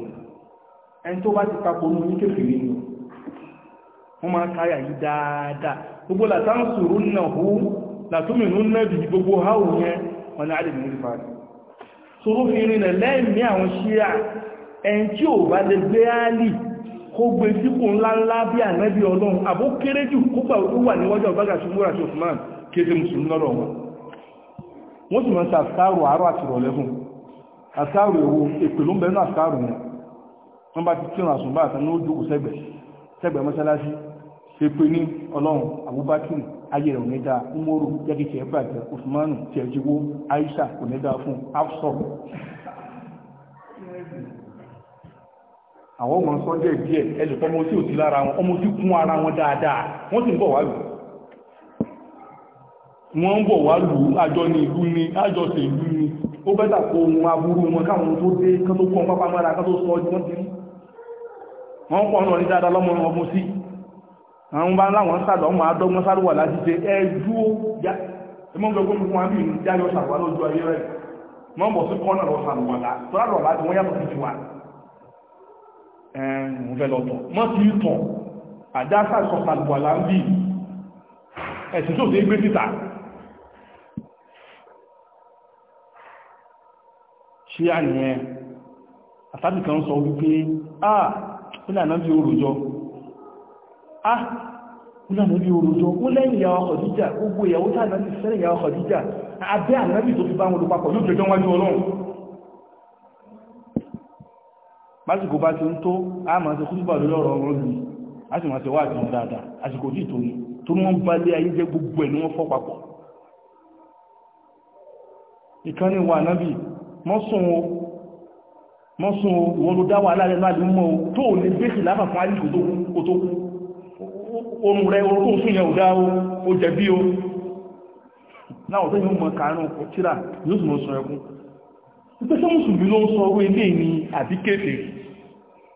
ẹni tó bá ti tako ní oníkèfèrè ni wọ́n máa káyà yìí dáadáa gbogbo làtàǹsùrù náà hù làtúmìnú náà bìí gbogbo háwù yẹn wọn ni a lè mú ìfàdí sọ̀rọ̀ fi rinlẹ̀ lẹ́yìn ní àwọn ṣíà ẹni tí ò bá lè gbé áálì kó gbé sípò ńláńlá bí ànábì ọlọ́run àbó kéré jù kó gbà ó wà níwájú ọ̀gbága sí múra sí Usman kéde mùsùlùmí lọ́rọ̀ wọn wọ́n sì máa ń sa àṣàrò àárọ̀ àti ìrọ̀lẹ́ fún àṣàrò èwo èpè ló ń bẹnu àṣàrò yẹn wọ́n bá ti kírun àsùnbà àtàn ní ó jókòó sẹ́gbẹ̀ sẹ́gbẹ̀ mọ́sálásí èpè ní ọlọ́run Abubakar ayé rẹ̀ onídàá Umaru jẹ́kìtì ẹ̀bàjẹ́ Usmanu tẹ̀jíwó Aisha onídàá fún Afsọ àwọn ọmọ sọ́jẹ́ díẹ̀ ẹlùkọ́ ọmọ tí ò sí lára wọn ọmọ tí kún ara wọn dáadáa wọ́n sì ń bọ̀ wá lù wọ́n ń bọ̀ wá lù àjọ ní ìlú ni àjọ sí ìlú ni ó bẹ́tà kó ohun aburú wọn káwọn tó dé kán tó kún pápá mọ́ra kán tó sọ ọdún wọ́n ti rí wọ́n pọ̀ ọ̀nà ní dáadáa lọ́mọ ọmọ sí àwọn bá láwọn sàdọ̀ ọmọ adọ́gbọ́n sárúwà láti ṣe ẹjú ya ẹmọ́gbọ́gbọ́n fún wa bí i jáyọ sàwà lójú ayé ẹ̀rùn fẹ́ lọ́tọ̀ mọ́ ti tọ̀ àdásà sọ̀tàlùwàlá ń bí ẹ̀sìn tó gbé títà ṣe àníyàn àtàbí kan sọ wípé ah ìlànà bí orùjọ ah ìlànà bí orùjọ ó lẹ́yìn ìyàwó Khadija gbogbo ìyàwó tàbí sẹ́rẹ̀ ìyàwó Khadija abẹ́ ànábì tó fi bá wọn lò papọ̀ yóò jẹjọ́ wájú Ọlọ́run pásìkò bá ti ń tó a máa ṣe kúrúbà lórí ọ̀rọ̀ ọ̀rọ̀ mi a sì máa ṣe wá àtìmọ́ dáadáa àsìkò tí ìtòyí tó ní wọ́n bá lé ayé jẹ́ gbogbo ẹ̀ ní wọ́n fọ́ papọ̀ ìkànnì wà náàbì mọ́sùn o mọ́sùn o wọ́n ló dáwà aláàrẹ náà lè mọ́ o tó lè gbéṣì láfà fún àìsù tó kú oòrùn rẹ̀ orúkú fún yẹ òdá o ó jẹ̀bi o náà tó yíò mọ̀ kàánù tíra yóò sì mọ̀ sọ ẹkún ìpẹ́sẹ́ mùsùlùmí ló ń sọ orí ilé ní àbíkẹ́fẹ́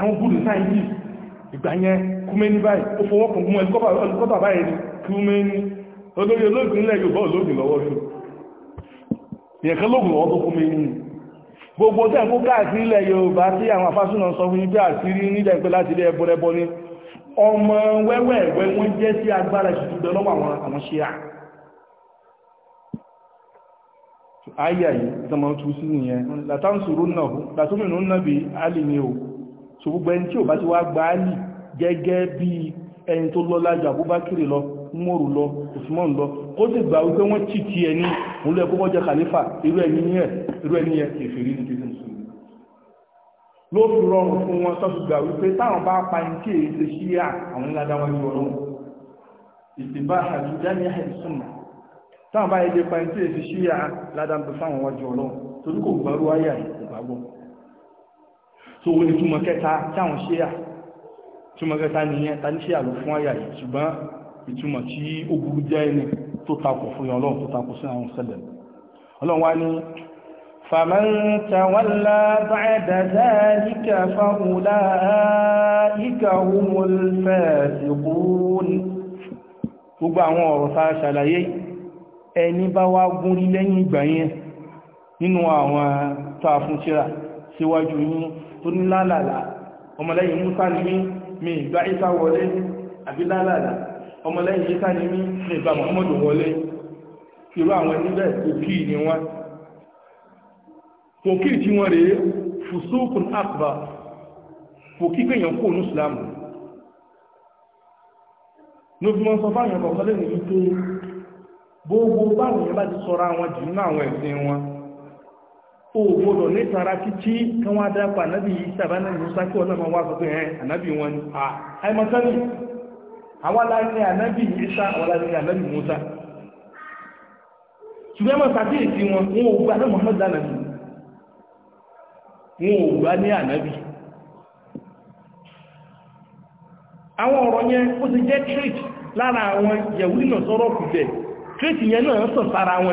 àwọn gúdù sáà yìí ìgbà yẹn kúmẹ́ni báyìí ó fọwọ́kùn gún ẹlùkọ́bà báyìí ni kúmẹ́ni olórí olóògùn ilẹ̀ yóò bọ́ olóògùn lọ́wọ́ sí ìyẹ̀kẹ́ lóògùn lọ́wọ́ tó kúmẹ́ni gbogbo tẹ́ ń kó káàkiri ilẹ̀ Yorùbá tí àwọn afásúnà sọ fún ibi àṣírí níjà ìpẹ́ láti ilé ẹbọ rẹbọ ni ọmọ wẹ́wẹ́ ẹ̀wẹ́ wọ́n jẹ́ sí agbára ìṣùgbẹ́ lọ́wọ́ àwọn ṣe à ayé àyè ìtàmọ̀ tún sí nìyẹn látàǹsùrù náà látúmìnú náà bí alìmí o so gbogbo ẹni tí ò bá ti wá gba Ali gẹ́gẹ́ bí ẹni tó lọ́lá ju Abubakar lọ Umaru lọ Usman lọ ó sì gbà wípé wọ́n ti ti ẹni òun lọ ẹ̀kọ́ jẹ́ khalifa irú ẹni yẹn irú ẹni yẹn kèfèrí ní kéde mùsùlùmí ló fi rọrùn fún wọn tó fi gbà wípé táwọn bá pa ní kí èyí ṣe ṣí à àwọn ńlá dáwọn ní ọlọ́run ìsìnbá àjùjá ní àìsí súnmọ́ táwọn bá yẹ lè pa ní kí èyí ṣe ṣí à ládàá ń bẹ fáwọn wájú ọlọ́run torí kò gbàrú ayé àìsí ìgbàgbọ́ tó wọ́n ni túmọ̀ kẹta táwọn ṣíà túmọ̀ kẹta nìyẹn ta ní ṣíà ló fún àyà yìí ṣùgbọ́n ìtumọ̀ tí ó burú jẹ́ ẹni tó takò fún ọlọ́run tó takò sí àwọn sẹlẹ̀ ọlọ́run wá ní فمن تولى بعد ذلك فأولئك هم الفاسقون gbogbo àwọn ọ̀rọ̀ tá a ṣàlàyé ẹni bá wá gún rí lẹ́yìn ìgbà yẹn nínú àwọn tó àfúnṣíra síwájú yìí tó ní lálàlá ọmọlẹ́yìn musa ni mí mi ìgbà isa wọlé àbí lálàlá ọmọlẹ́yìn isa ni mí mi ìgbà muhammadu wọlé irú àwọn ẹni bẹ́ẹ̀ òkì ni wọ́n òkì tí wọ́n rèé fùsùkùn akbar òkì gbẹ̀yàn kó ní ìsìlámù lóbi wọn sọ fáwọn ẹ̀kọ́ kọ́lé nìyí pé gbogbo báwọn yẹn bá ti sọra wọn jù nínú àwọn ẹ̀sìn wọn o gbọdọ̀ nítara títí kan wá dápa ànábì Ìsá bá náà Mùsá kí ọlọ́mọ wá sọ pé ànábì wọn ni àìmọ̀sánì àwọn anabi ànábì Ìsá àwọn ànábì Mùsá ṣùgbọ́n mọ̀ sàkíyèsí wọn wọn ò gbà náà Muhammad ànábì wọn ò gbà ní ànábì àwọn ọ̀rọ̀ yẹn ó ti jẹ́ trait lára àwọn yẹ̀wúrínà sọ́rọ̀ kùjẹ́ trait yẹn náà sọ̀ sára àwọn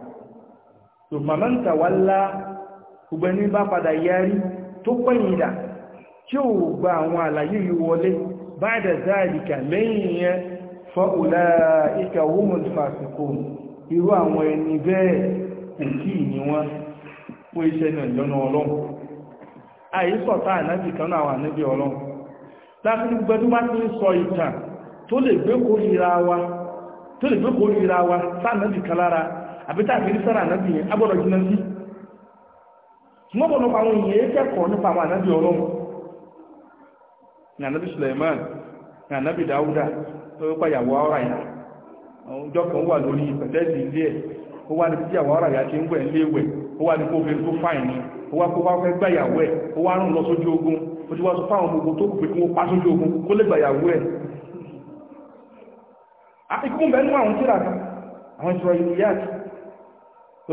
tòmàmáǹtà wà lá gbogbo ẹni bá padà yarí tó pẹ̀yìn gba àwọn àlàyé yìí wọlé báyìí záàdìkà women fàṣíkò irú àwọn ni wọn fún iṣẹ́ náà lọ́nà ọlọ́run àìsọ̀tá ànábì kan wà níbi ọlọ́run láti gbẹ́dú sọ ìtàn tó lè gbé wa sáà àbítà àbí sára ànábì yẹn agbọ́dọ̀ jìnnà sí mọ́bọ̀nù àwọn èèyàn yẹn kẹ́kọ̀ọ́ nípa àwọn ànábì ọlọ́run ní ànábì Suleiman ní ànábì Dáúdà tó wípa ìyàwó ara ìyá ọjọ́ kan wà lórí pẹ̀tẹ́sì ilé ẹ̀ ó wá ní tí ìyàwó ti ń wẹ̀ ilé ó wá ní kó obìnrin tó fáìn ó wá kó wá fẹ́ ogun ó ti ogun kó lè gbà ìyàwó ah,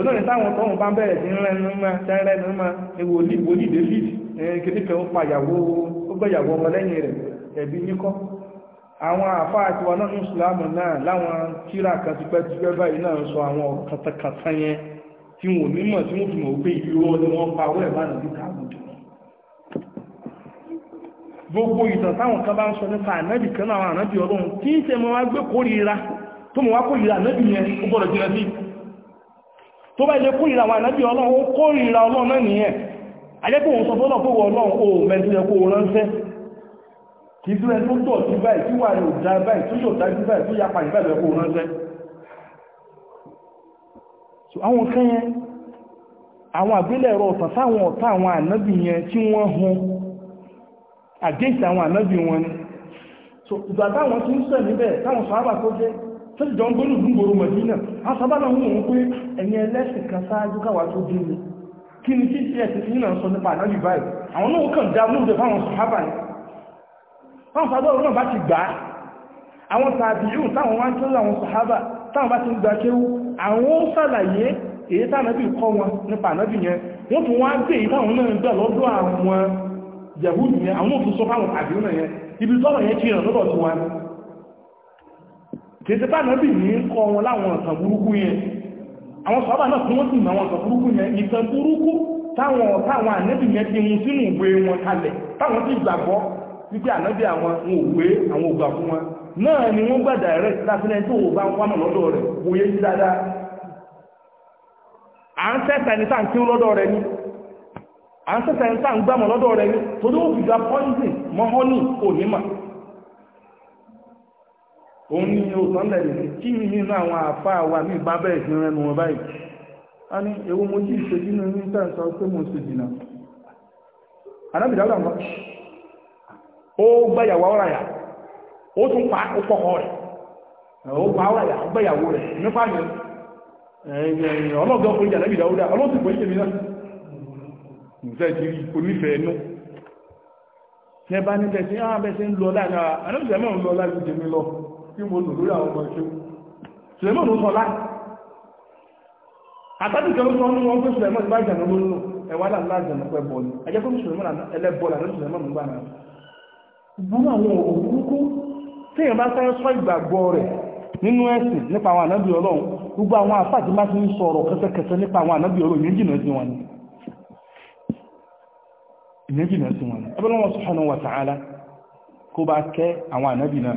tòló ní táwọn tọ́hún bá bẹ̀rẹ̀ sí rẹ́nu mọ́ tẹ́rẹ́nu mọ́ ewu olíde eh, lead kìnnìkan ó pa ìyàwó ó gbé ọmọ lẹ́yìn rẹ̀ ẹ̀bí níkọ́ àwọn àfáà tiwa náà ní ìsìlámù náà láwọn tíra kan ti pẹ́ ti pẹ́ báyìí náà ń sọ àwọn kàtàkàtà yẹn tí wọn ò ní mọ̀ tí wọ́n fi mọ̀ pé irọ́ ni wọ́n pa owó ẹ̀bá nàbí káàbùdù gbogbo ìtàn táwọn kan bá ń sọ nípa ànábì kan náà àwọn ànábì ọlọ́run tí ń tẹ́ mọ́ wá gbé kórìíra tó mọ̀ wá kórìíra ànábì yẹn ó gbọ́dọ̀ jìnà sí tó bá ilé kórìíra àwọn ànábì ọlọ́run ó kórìíra ọlọ́run náà nìyẹn ajẹ́pọ̀ òun sọ fọ́lọ̀ fún ọlọ́run ó mẹ́tìlẹ̀ kó ránṣẹ́ kì í sí ẹni tó tọ̀ sí báyìí tí wà ní òdá báyìí tó yóò dájú báyìí tó yapa ìbẹ̀rẹ̀ kó ránṣẹ́ so àwọn kan yẹn àwọn àgbélẹ̀rọ ọ̀tàn sáwọn ọ̀tá àwọn ànábì yẹn tí wọ́n hun against àwọn ànábì wọn ni so ìgbà táwọn tí ń sẹ̀ níbẹ̀ táwọn sọ tó ti jọ ń gbónú gbúngbòrò mọ̀dínà a sábà náà wù wọ́n pé ẹ̀yìn ẹlẹ́sìn kan sáájú káwà tó dé mi kí ni tí ìṣẹ́ ti nínà sọ nípa àná yìí báyìí àwọn náà kàn dá lóòdè fáwọn sàhábà ni fáwọn sàhábà náà bá ti gbà á àwọn tàbí yóò táwọn wá ń kéwú àwọn sàhábà táwọn bá ti ń gba kéwú àwọn ó sàlàyé èyí tánàbì kọ́ wọn nípa ànábì yẹn wọ́n tún wá ń gbé èyí táwọn náà ń gbà lọ́dọ̀ àwọn yahoo yẹn àwọn òfin sọ fáwọn kìí sípá náà bì ní kọ wọn láwọn ọ̀sán burúkú yẹn àwọn sọ́bà náà tí wọ́n sì náwọn ọ̀sán burúkú yẹn ìtàn burúkú táwọn táwọn ànẹ́bì yẹn ti mú sínú ìwé wọn kalẹ̀ táwọn sì gbàgbọ́ wípé ànẹ́bì àwọn òwe àwọn ògbà fún wọn náà ni wọ́n gbàdà rẹ̀ láfílẹ̀ tó wò bá ń wámọ̀ lọ́dọ̀ rẹ̀ òye sí dáadáa à ń sẹ́sà ní sáà ń kí lọ́dọ̀ rẹ̀ ni à ń sẹ́sà ní sáà ń gbàmọ̀ lọ́dọ̀ rẹ̀ ni torí ó fi gba pọ́ìntì mọ́họ́nì onímọ̀ òun ní òsànlẹ̀ ní kí ní nínú àwọn àfá wa ní ìbábẹ̀ ìpínlẹ̀ ẹnu wọn báyìí a ní ewu mo jí ìṣẹ́jú ní ní tẹ́ǹsọ pé mo ṣe jìnà anábìdáwà O ó gbẹ́yàwó ọ̀ràyà ó tún pa ọkọ̀ rẹ̀ ó pa ó nípa yẹn ọlọ́gbọ́n ọlọ́sìn náà ní ní ah, ń lọ láàrin àwọn lọ tí mo lò lórí àwọn ọmọ ìṣẹ́ Suleiman ló sọ láì àtàbí kan ló sọ ní wọn pé Suleiman ti bá ìjànà ló lò ẹwà láàrín láàrín pẹ́ bọ́ ni ẹjẹ́ pé Suleiman ẹlẹ́bọ́ làrí Suleiman ló bá náà gbọ́n àwọn òkúrúkú tí èèyàn bá sáré sọ ìgbàgbọ́ rẹ̀ nínú ẹ̀sìn nípa àwọn ànábì Ọlọ́run gbogbo àwọn àfáà tí má ti ń sọ̀rọ̀ kẹsẹkẹsẹ nípa àwọn ànábì Ọlọ́run yẹn jìnà sí wọn ni ìyẹn jìnà sí wọn ni ẹbí lọ́wọ́ Subhanahu wa ta'ala kó bá kẹ́ àwọn ànábì náà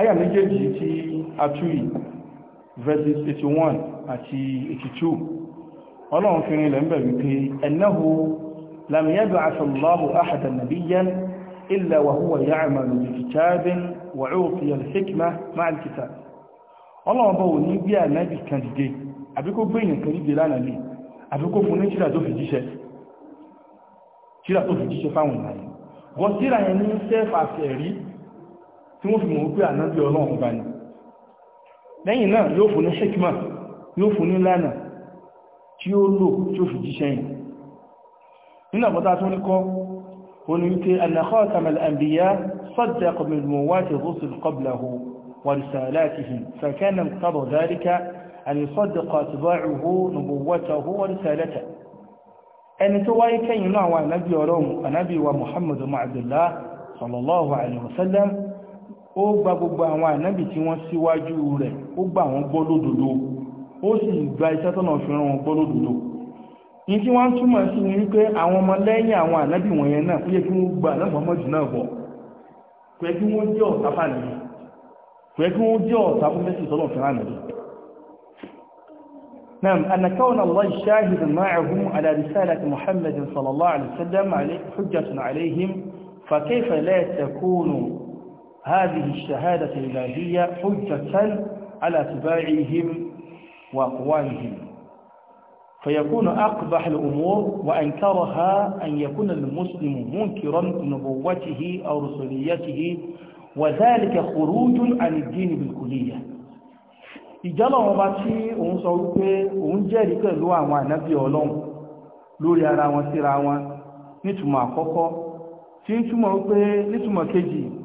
àyà méjèèjì tí a tú yìí verses 81 àti 82 ọlọ́run fi rinlẹ̀ ń bẹ̀ wípé ẹ̀nẹ́hu lam yab'ath Allahu ahadan nabiyyan illa wa huwa ya'malu bi kitabin wa 'utiya al-hikma ma'a al-kitab ọlọ́run bọ̀ ní bí ànábì kan dìde àbí kó gbé èèyàn kan dìde lánàá lè fún ní tíra tó fi jíṣẹ́ tíra tó fi jíṣẹ́ fáwọn ìlànà bọ́ tíra yẹn ní sẹ́fà fẹ̀rí tí wọ́n fi mọ̀ pé ànábí ọlọ́run bá ní lẹ́yìn náà yóò fún ní hikma yóò fún ní lánà tí ó lò tí ó fi jíṣẹ́ yìí nínú àbọ́ta tó ní kọ́ oní wípé anàkọ́ ó gba gbogbo àwọn ànábì tí wọ́n síwájú rẹ̀ ó gbà wọ́n gbọ́ ó sì gba iṣẹ́ tọ́nà fi rán wọn gbọ́ lódodo ní tí wọ́n túmọ̀ sí ni wípé àwọn ọmọ lẹ́yìn àwọn ànábì wọ̀nyẹn náà ó yẹ kí wọ́n gba ànábì náà bọ̀ pé kí wọ́n jẹ́ ọ̀tá fàlẹ́ pé kí wọ́n jẹ́ ọ̀tá fún mẹ́sì tọ́nà fi نعم أن كون الله معهم على رسالة محمد صلى الله عليه وسلم هذه الشهادة الإلهية حجة على اتباعهم وأقوالهم فيكون أقبح الأمور وأنكرها أن يكون المسلم منكرا نبوته أو رسوليته وذلك خروج عن الدين بالكلية ìjọ́lọ̀ wọn bá tí òun sọ wípé òun jẹ́rìí pẹ̀lú àwọn ànábí ọlọ́run lórí ara wọn síra wọn nítumọ̀ àkọ́kọ́ tí ń wípé nítumọ̀ kejì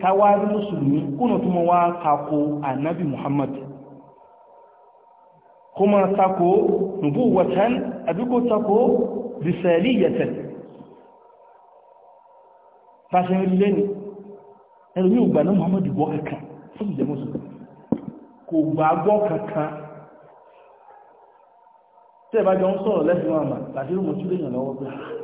káwá Musulmi mùsùlùmí kúnà tó mọ́ tako ànábì muhammad kó máa tako nùbú watan àbí kó tako bisẹ̀lì yẹ̀tẹ̀ fásitì rí lẹ́ni ẹ̀rọ ní ògbà náà muhammad gbọ́ kankan fún ìjẹ́ mùsùlùmí kò gbà gbọ́ kankan tẹ́ẹ̀bá jọ ń sọ̀rọ̀ lẹ́sìn àmà tàbí mùsùlùmí lọ́wọ́ bẹ́ẹ̀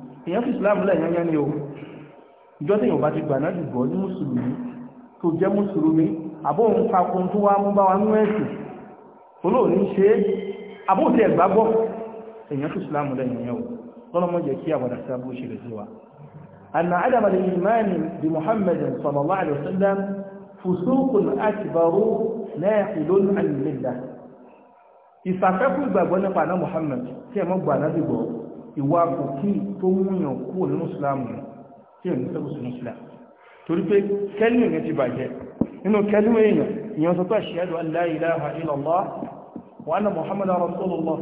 èèyàn fi islam lẹ̀ yányá ni o ìjọ tí yorùbá ti gbà náà ti gbọ́ ní mùsùlùmí tó jẹ́ mùsùlùmí àbó òun kakun tó wá mú bá wa nú ẹ̀sìn olóòní ṣe é àbó òtí ẹ̀gbá fi islam lẹ̀ yányá o lọ́nà jẹ́ kí àwàdà sí abó ṣe lè sí wa أن عدم الإيمان بمحمد صلى الله عليه وسلم فسوق أكبر ناقل عن الملة ìfàfẹ́kù ìgbàgbọ́ nípa àná Muhammad tí ẹmọ́ gbà náà dìgbò ìwà àpòkí tó múyàn kúrò nínú ìsìlámù tí ò ní sẹ́kùsù ní ìsìlámù torí pé kẹ́lù èèyàn ti bàjẹ́ nínú kẹ́lù èèyàn ìyàn sọ pé ashhadu an la ilaha illallah wa anna muhammadan rasulullah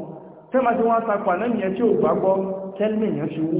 tẹ́mà tí wọ́n tapà náà yẹn tí ó gbàgbọ́ kẹ́lù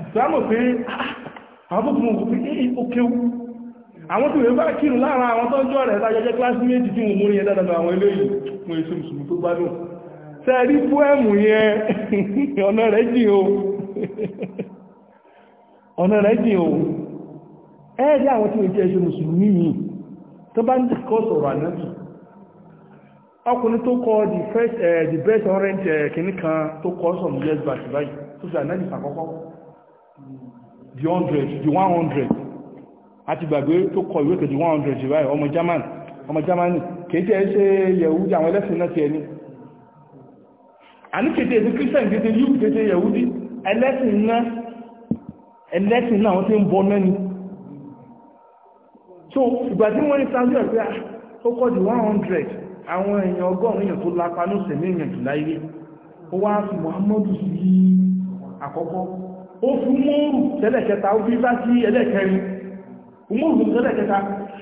lámọ̀ pé àwọn mọ̀ pé ní ah, òkèwú ah, àwọn tó wèé eh, eh, bá kírù láàrin àwọn tó jọ rẹ̀ lájẹjẹ́ kíláàsì méjì tí wọ́n mú ní ẹ̀dá dandan àwọn eléyìí fún èso mùsùlùmí tó [laughs] [laughs] tó bá ń ọkùnrin tó kọ the eh, best orange kìnnìkan tó tó fi
the
hundred the one hundred àti gbàgbé tó kọ ìwé kejì one hundred báyìí ọmọ German ọmọ Germany kéde ẹ ṣe yẹ̀wúdí àwọn ẹlẹ́sìn náà ti ẹni àní kéde ẹ̀sìn Christian kéde yíò kéde yẹ̀wúdí ẹlẹ́sìn náà ẹlẹ́sìn náà wọ́n ti ń bọ́ mẹ́ni so ìgbà tí wọ́n ń sáájú ẹ̀ pé ó kọ́ di one hundred àwọn èèyàn ọgọ́rùn-ún èèyàn tó lápá ní òsèmí èèyàn jù láyé ó wá fi Muhammadu sí àkọ́kọ́ ó fún mọ́rù tẹ́lẹ̀kẹta ó fi bá sí ẹlẹ́kẹrin mọ́rù tẹ́lẹ̀kẹta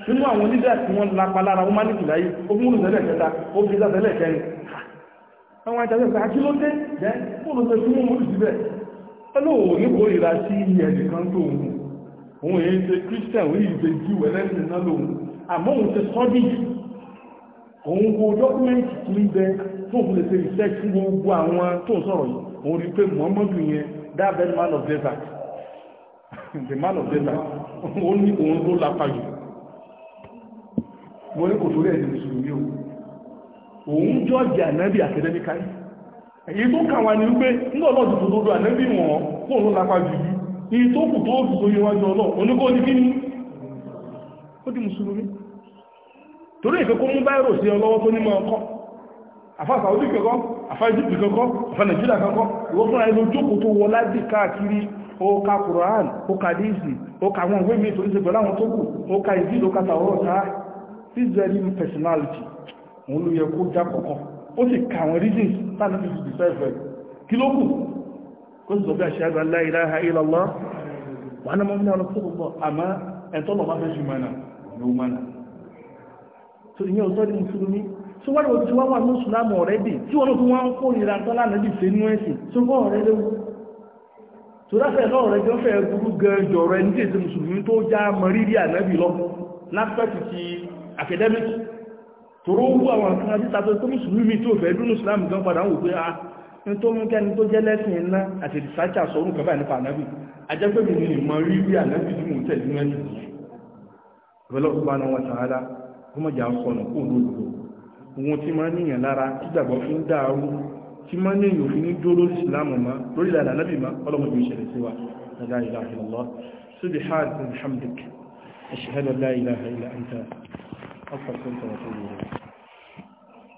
nínú àwọn onídẹ́ tí wọ́n lápa lára ó má ní ìlàyé ó mọ́rù tẹ́lẹ̀kẹta ó fi bá tẹ́lẹ̀kẹrin àwọn ìjàgbẹ́ pé akílódé jẹ́ mọ́rù tẹ́ fún mọ́rù síbẹ̀ ọlọ́wọ̀ ní kò ìrà sí ẹ̀rì kan tó òun òun èyí ṣe christian òun yìí ṣe jíw ẹlẹ́sìn náà lòun àmọ́ òun ṣe sọ́dí òun wo dọ́kúmẹ́ntì tí ń bẹ tó òun lè ṣe research fún gbogbo àwọn tó ń sọ̀rọ̀ yìí òun rí pé Muhammadu yẹn that very man of desert [laughs] the man of desert mo ní kò tó o òun èyí tó kà ní wípé ọlọ́dún tó kó òun lápá jù tó kù tó wájú ọlọ́ oníkó ní kí ó di mùsùlùmí torí ìfẹ́ kó mú báyìí rò sí ọlọ́wọ́ tó àfáìjìpì kankọ́ àfá nàìjíríà kankọ́ ìwọ́fúnra ẹlò jókòó tó wọ láti káàkiri ó ka Kùránì ó ka díìsì ó ka àwọn ìwé mìí tó ní ṣe pẹ̀lú àwọn tó kù ó ka ìdí ó ka tàwọ́rọ̀ táà personality òun ló yẹ kó já kọ̀kọ́ ó sì ka àwọn reasons tánà fi fi decide rẹ̀ la ilaha illallah wà ní mọ́mí ọ̀rọ̀ tó gbọ́ àmọ́ ẹ̀tọ́ lọ́ba fẹ́ ṣùgbọ́n náà ló mọ́nà tí wọ́n lè ti wá wà ní ìsìlámù ọ̀rẹ́dì tí wọ́n tún wọ́n ń kó ìra tọ́lá náà dì sínú ẹ̀sìn tó kọ́ ọ̀rẹ́ léwu tó dáfẹ́ náà rẹ̀ jọ fẹ́ burú gan jọ rẹ̀ ní tètè mùsùlùmí tó já mọ rírí ànábì lọ lápẹ́tì ti academic tòró wú àwọn nǹkan àti tàbí tó mùsùlùmí tó fẹ́ dúnú ìsìlámù gan padà wò pé a ah, ń tó mú kẹ́ni tó jẹ́ lẹ́sìn iná àti ìsájà sọ́run kan báyìí nípa ànábì ajẹ́pẹ́bì ni mọ rírí ànábì tí mò ń tẹ̀lé mẹ́rin ìrọlọ́gbọ́n wọn tààrà kó mọ̀jà sọnù kó lóòrùn ohun tí máa níyàn lára tí gbàgbọ́ fi ń dàrú tí máa ní èyàn òfin ní dúró lórí ìsìlámù mọ́ lórí ìlànà nábì mọ́ ọlọ́mọdé ìṣẹ̀lẹ̀ sí wa la ilaha illallah subhanaka wa bihamdik ashhadu an la ilaha illa anta astaghfiruka wa